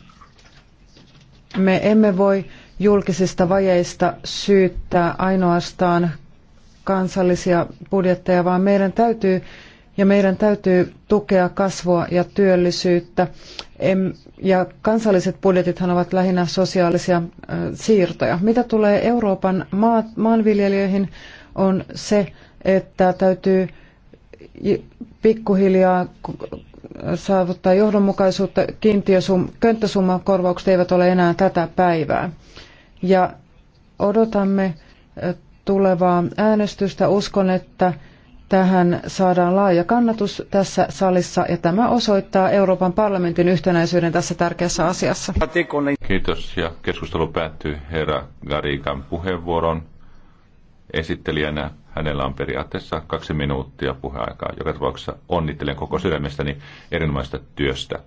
me emme voi julkisista vajeista syyttää ainoastaan kansallisia budjetteja, vaan meidän täytyy ja meidän täytyy tukea kasvua ja työllisyyttä. Ja kansalliset budjetithan ovat lähinnä sosiaalisia siirtoja. Mitä tulee Euroopan maanviljelijöihin, on se, että täytyy pikkuhiljaa saavuttaa johdonmukaisuutta. Kiintiösum, korvaukset eivät ole enää tätä päivää. Ja odotamme tulevaa äänestystä. Uskon, että tähän saadaan laaja kannatus tässä salissa ja tämä osoittaa Euroopan parlamentin yhtenäisyyden tässä tärkeässä asiassa. Kiitos ja keskustelu päättyy herra Garikan puheenvuoron esittelijänä Hänellä on periaatteessa kaksi minuuttia puheaikaa. Joka tapauksessa onnittelen koko sydämestäni erinomaisesta työstä.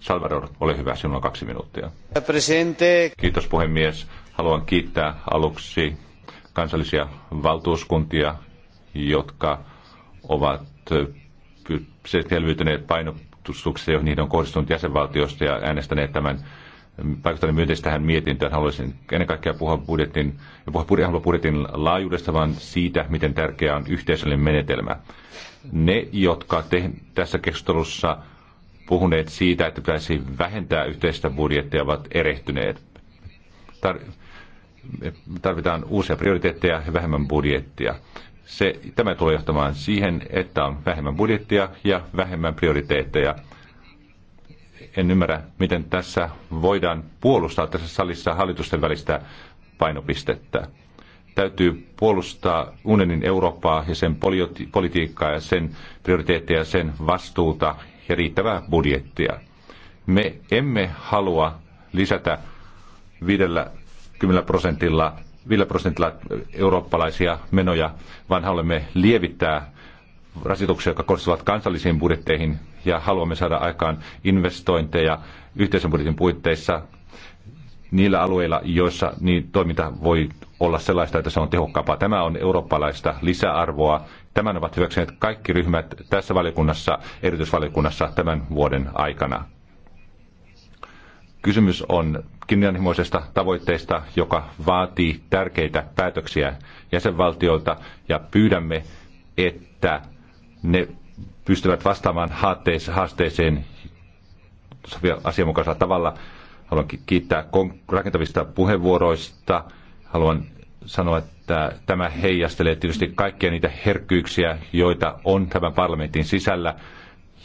Salvador, ole hyvä, sinulla on kaksi minuuttia. Presidente. Kiitos puhemies. Haluan kiittää aluksi kansallisia valtuuskuntia, jotka ovat selviytyneet painotustuksessa, joihin niiden on kohdistunut jäsenvaltiosta ja äänestäneet tämän vaikuttanut myönteisesti tähän mietintöön. Haluaisin ennen kaikkea puhua budjetin, puhua budjetin laajuudesta, vaan siitä, miten tärkeää on yhteisöllinen menetelmä. Ne, jotka te, tässä keskustelussa puhuneet siitä, että pitäisi vähentää yhteistä budjettia, ovat erehtyneet. Tar- tarvitaan uusia prioriteetteja ja vähemmän budjettia. Se, tämä tulee johtamaan siihen, että on vähemmän budjettia ja vähemmän prioriteetteja en ymmärrä, miten tässä voidaan puolustaa tässä salissa hallitusten välistä painopistettä. Täytyy puolustaa unionin Eurooppaa ja sen politiikkaa ja sen prioriteetteja, sen vastuuta ja riittävää budjettia. Me emme halua lisätä 50 prosentilla, 5 prosentilla eurooppalaisia menoja, vaan haluamme lievittää rasituksia, jotka kohdistuvat kansallisiin budjetteihin ja haluamme saada aikaan investointeja yhteisen budjetin puitteissa niillä alueilla, joissa niin toiminta voi olla sellaista, että se on tehokkaampaa. Tämä on eurooppalaista lisäarvoa. Tämän ovat hyväksyneet kaikki ryhmät tässä valiokunnassa, erityisvaliokunnassa tämän vuoden aikana. Kysymys on kunnianhimoisesta tavoitteesta, joka vaatii tärkeitä päätöksiä jäsenvaltioilta ja pyydämme, että ne pystyvät vastaamaan haasteeseen asianmukaisella tavalla. Haluan kiittää rakentavista puheenvuoroista. Haluan sanoa, että tämä heijastelee tietysti kaikkia niitä herkkyyksiä, joita on tämän parlamentin sisällä.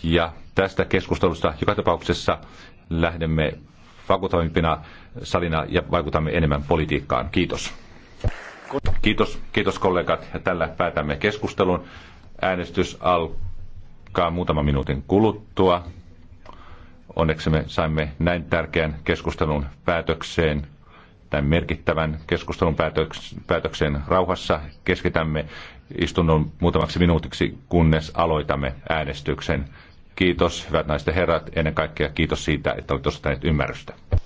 Ja tästä keskustelusta joka tapauksessa lähdemme vakuuttavimpina salina ja vaikutamme enemmän politiikkaan. Kiitos. Kiitos, kiitos kollegat. Ja tällä päätämme keskustelun. Äänestys alkaa jatkaa muutaman minuutin kuluttua. Onneksi me saimme näin tärkeän keskustelun päätökseen tämän merkittävän keskustelun päätökseen rauhassa. Keskitämme istunnon muutamaksi minuutiksi, kunnes aloitamme äänestyksen. Kiitos, hyvät naiset ja herrat. Ennen kaikkea kiitos siitä, että olette osoittaneet ymmärrystä.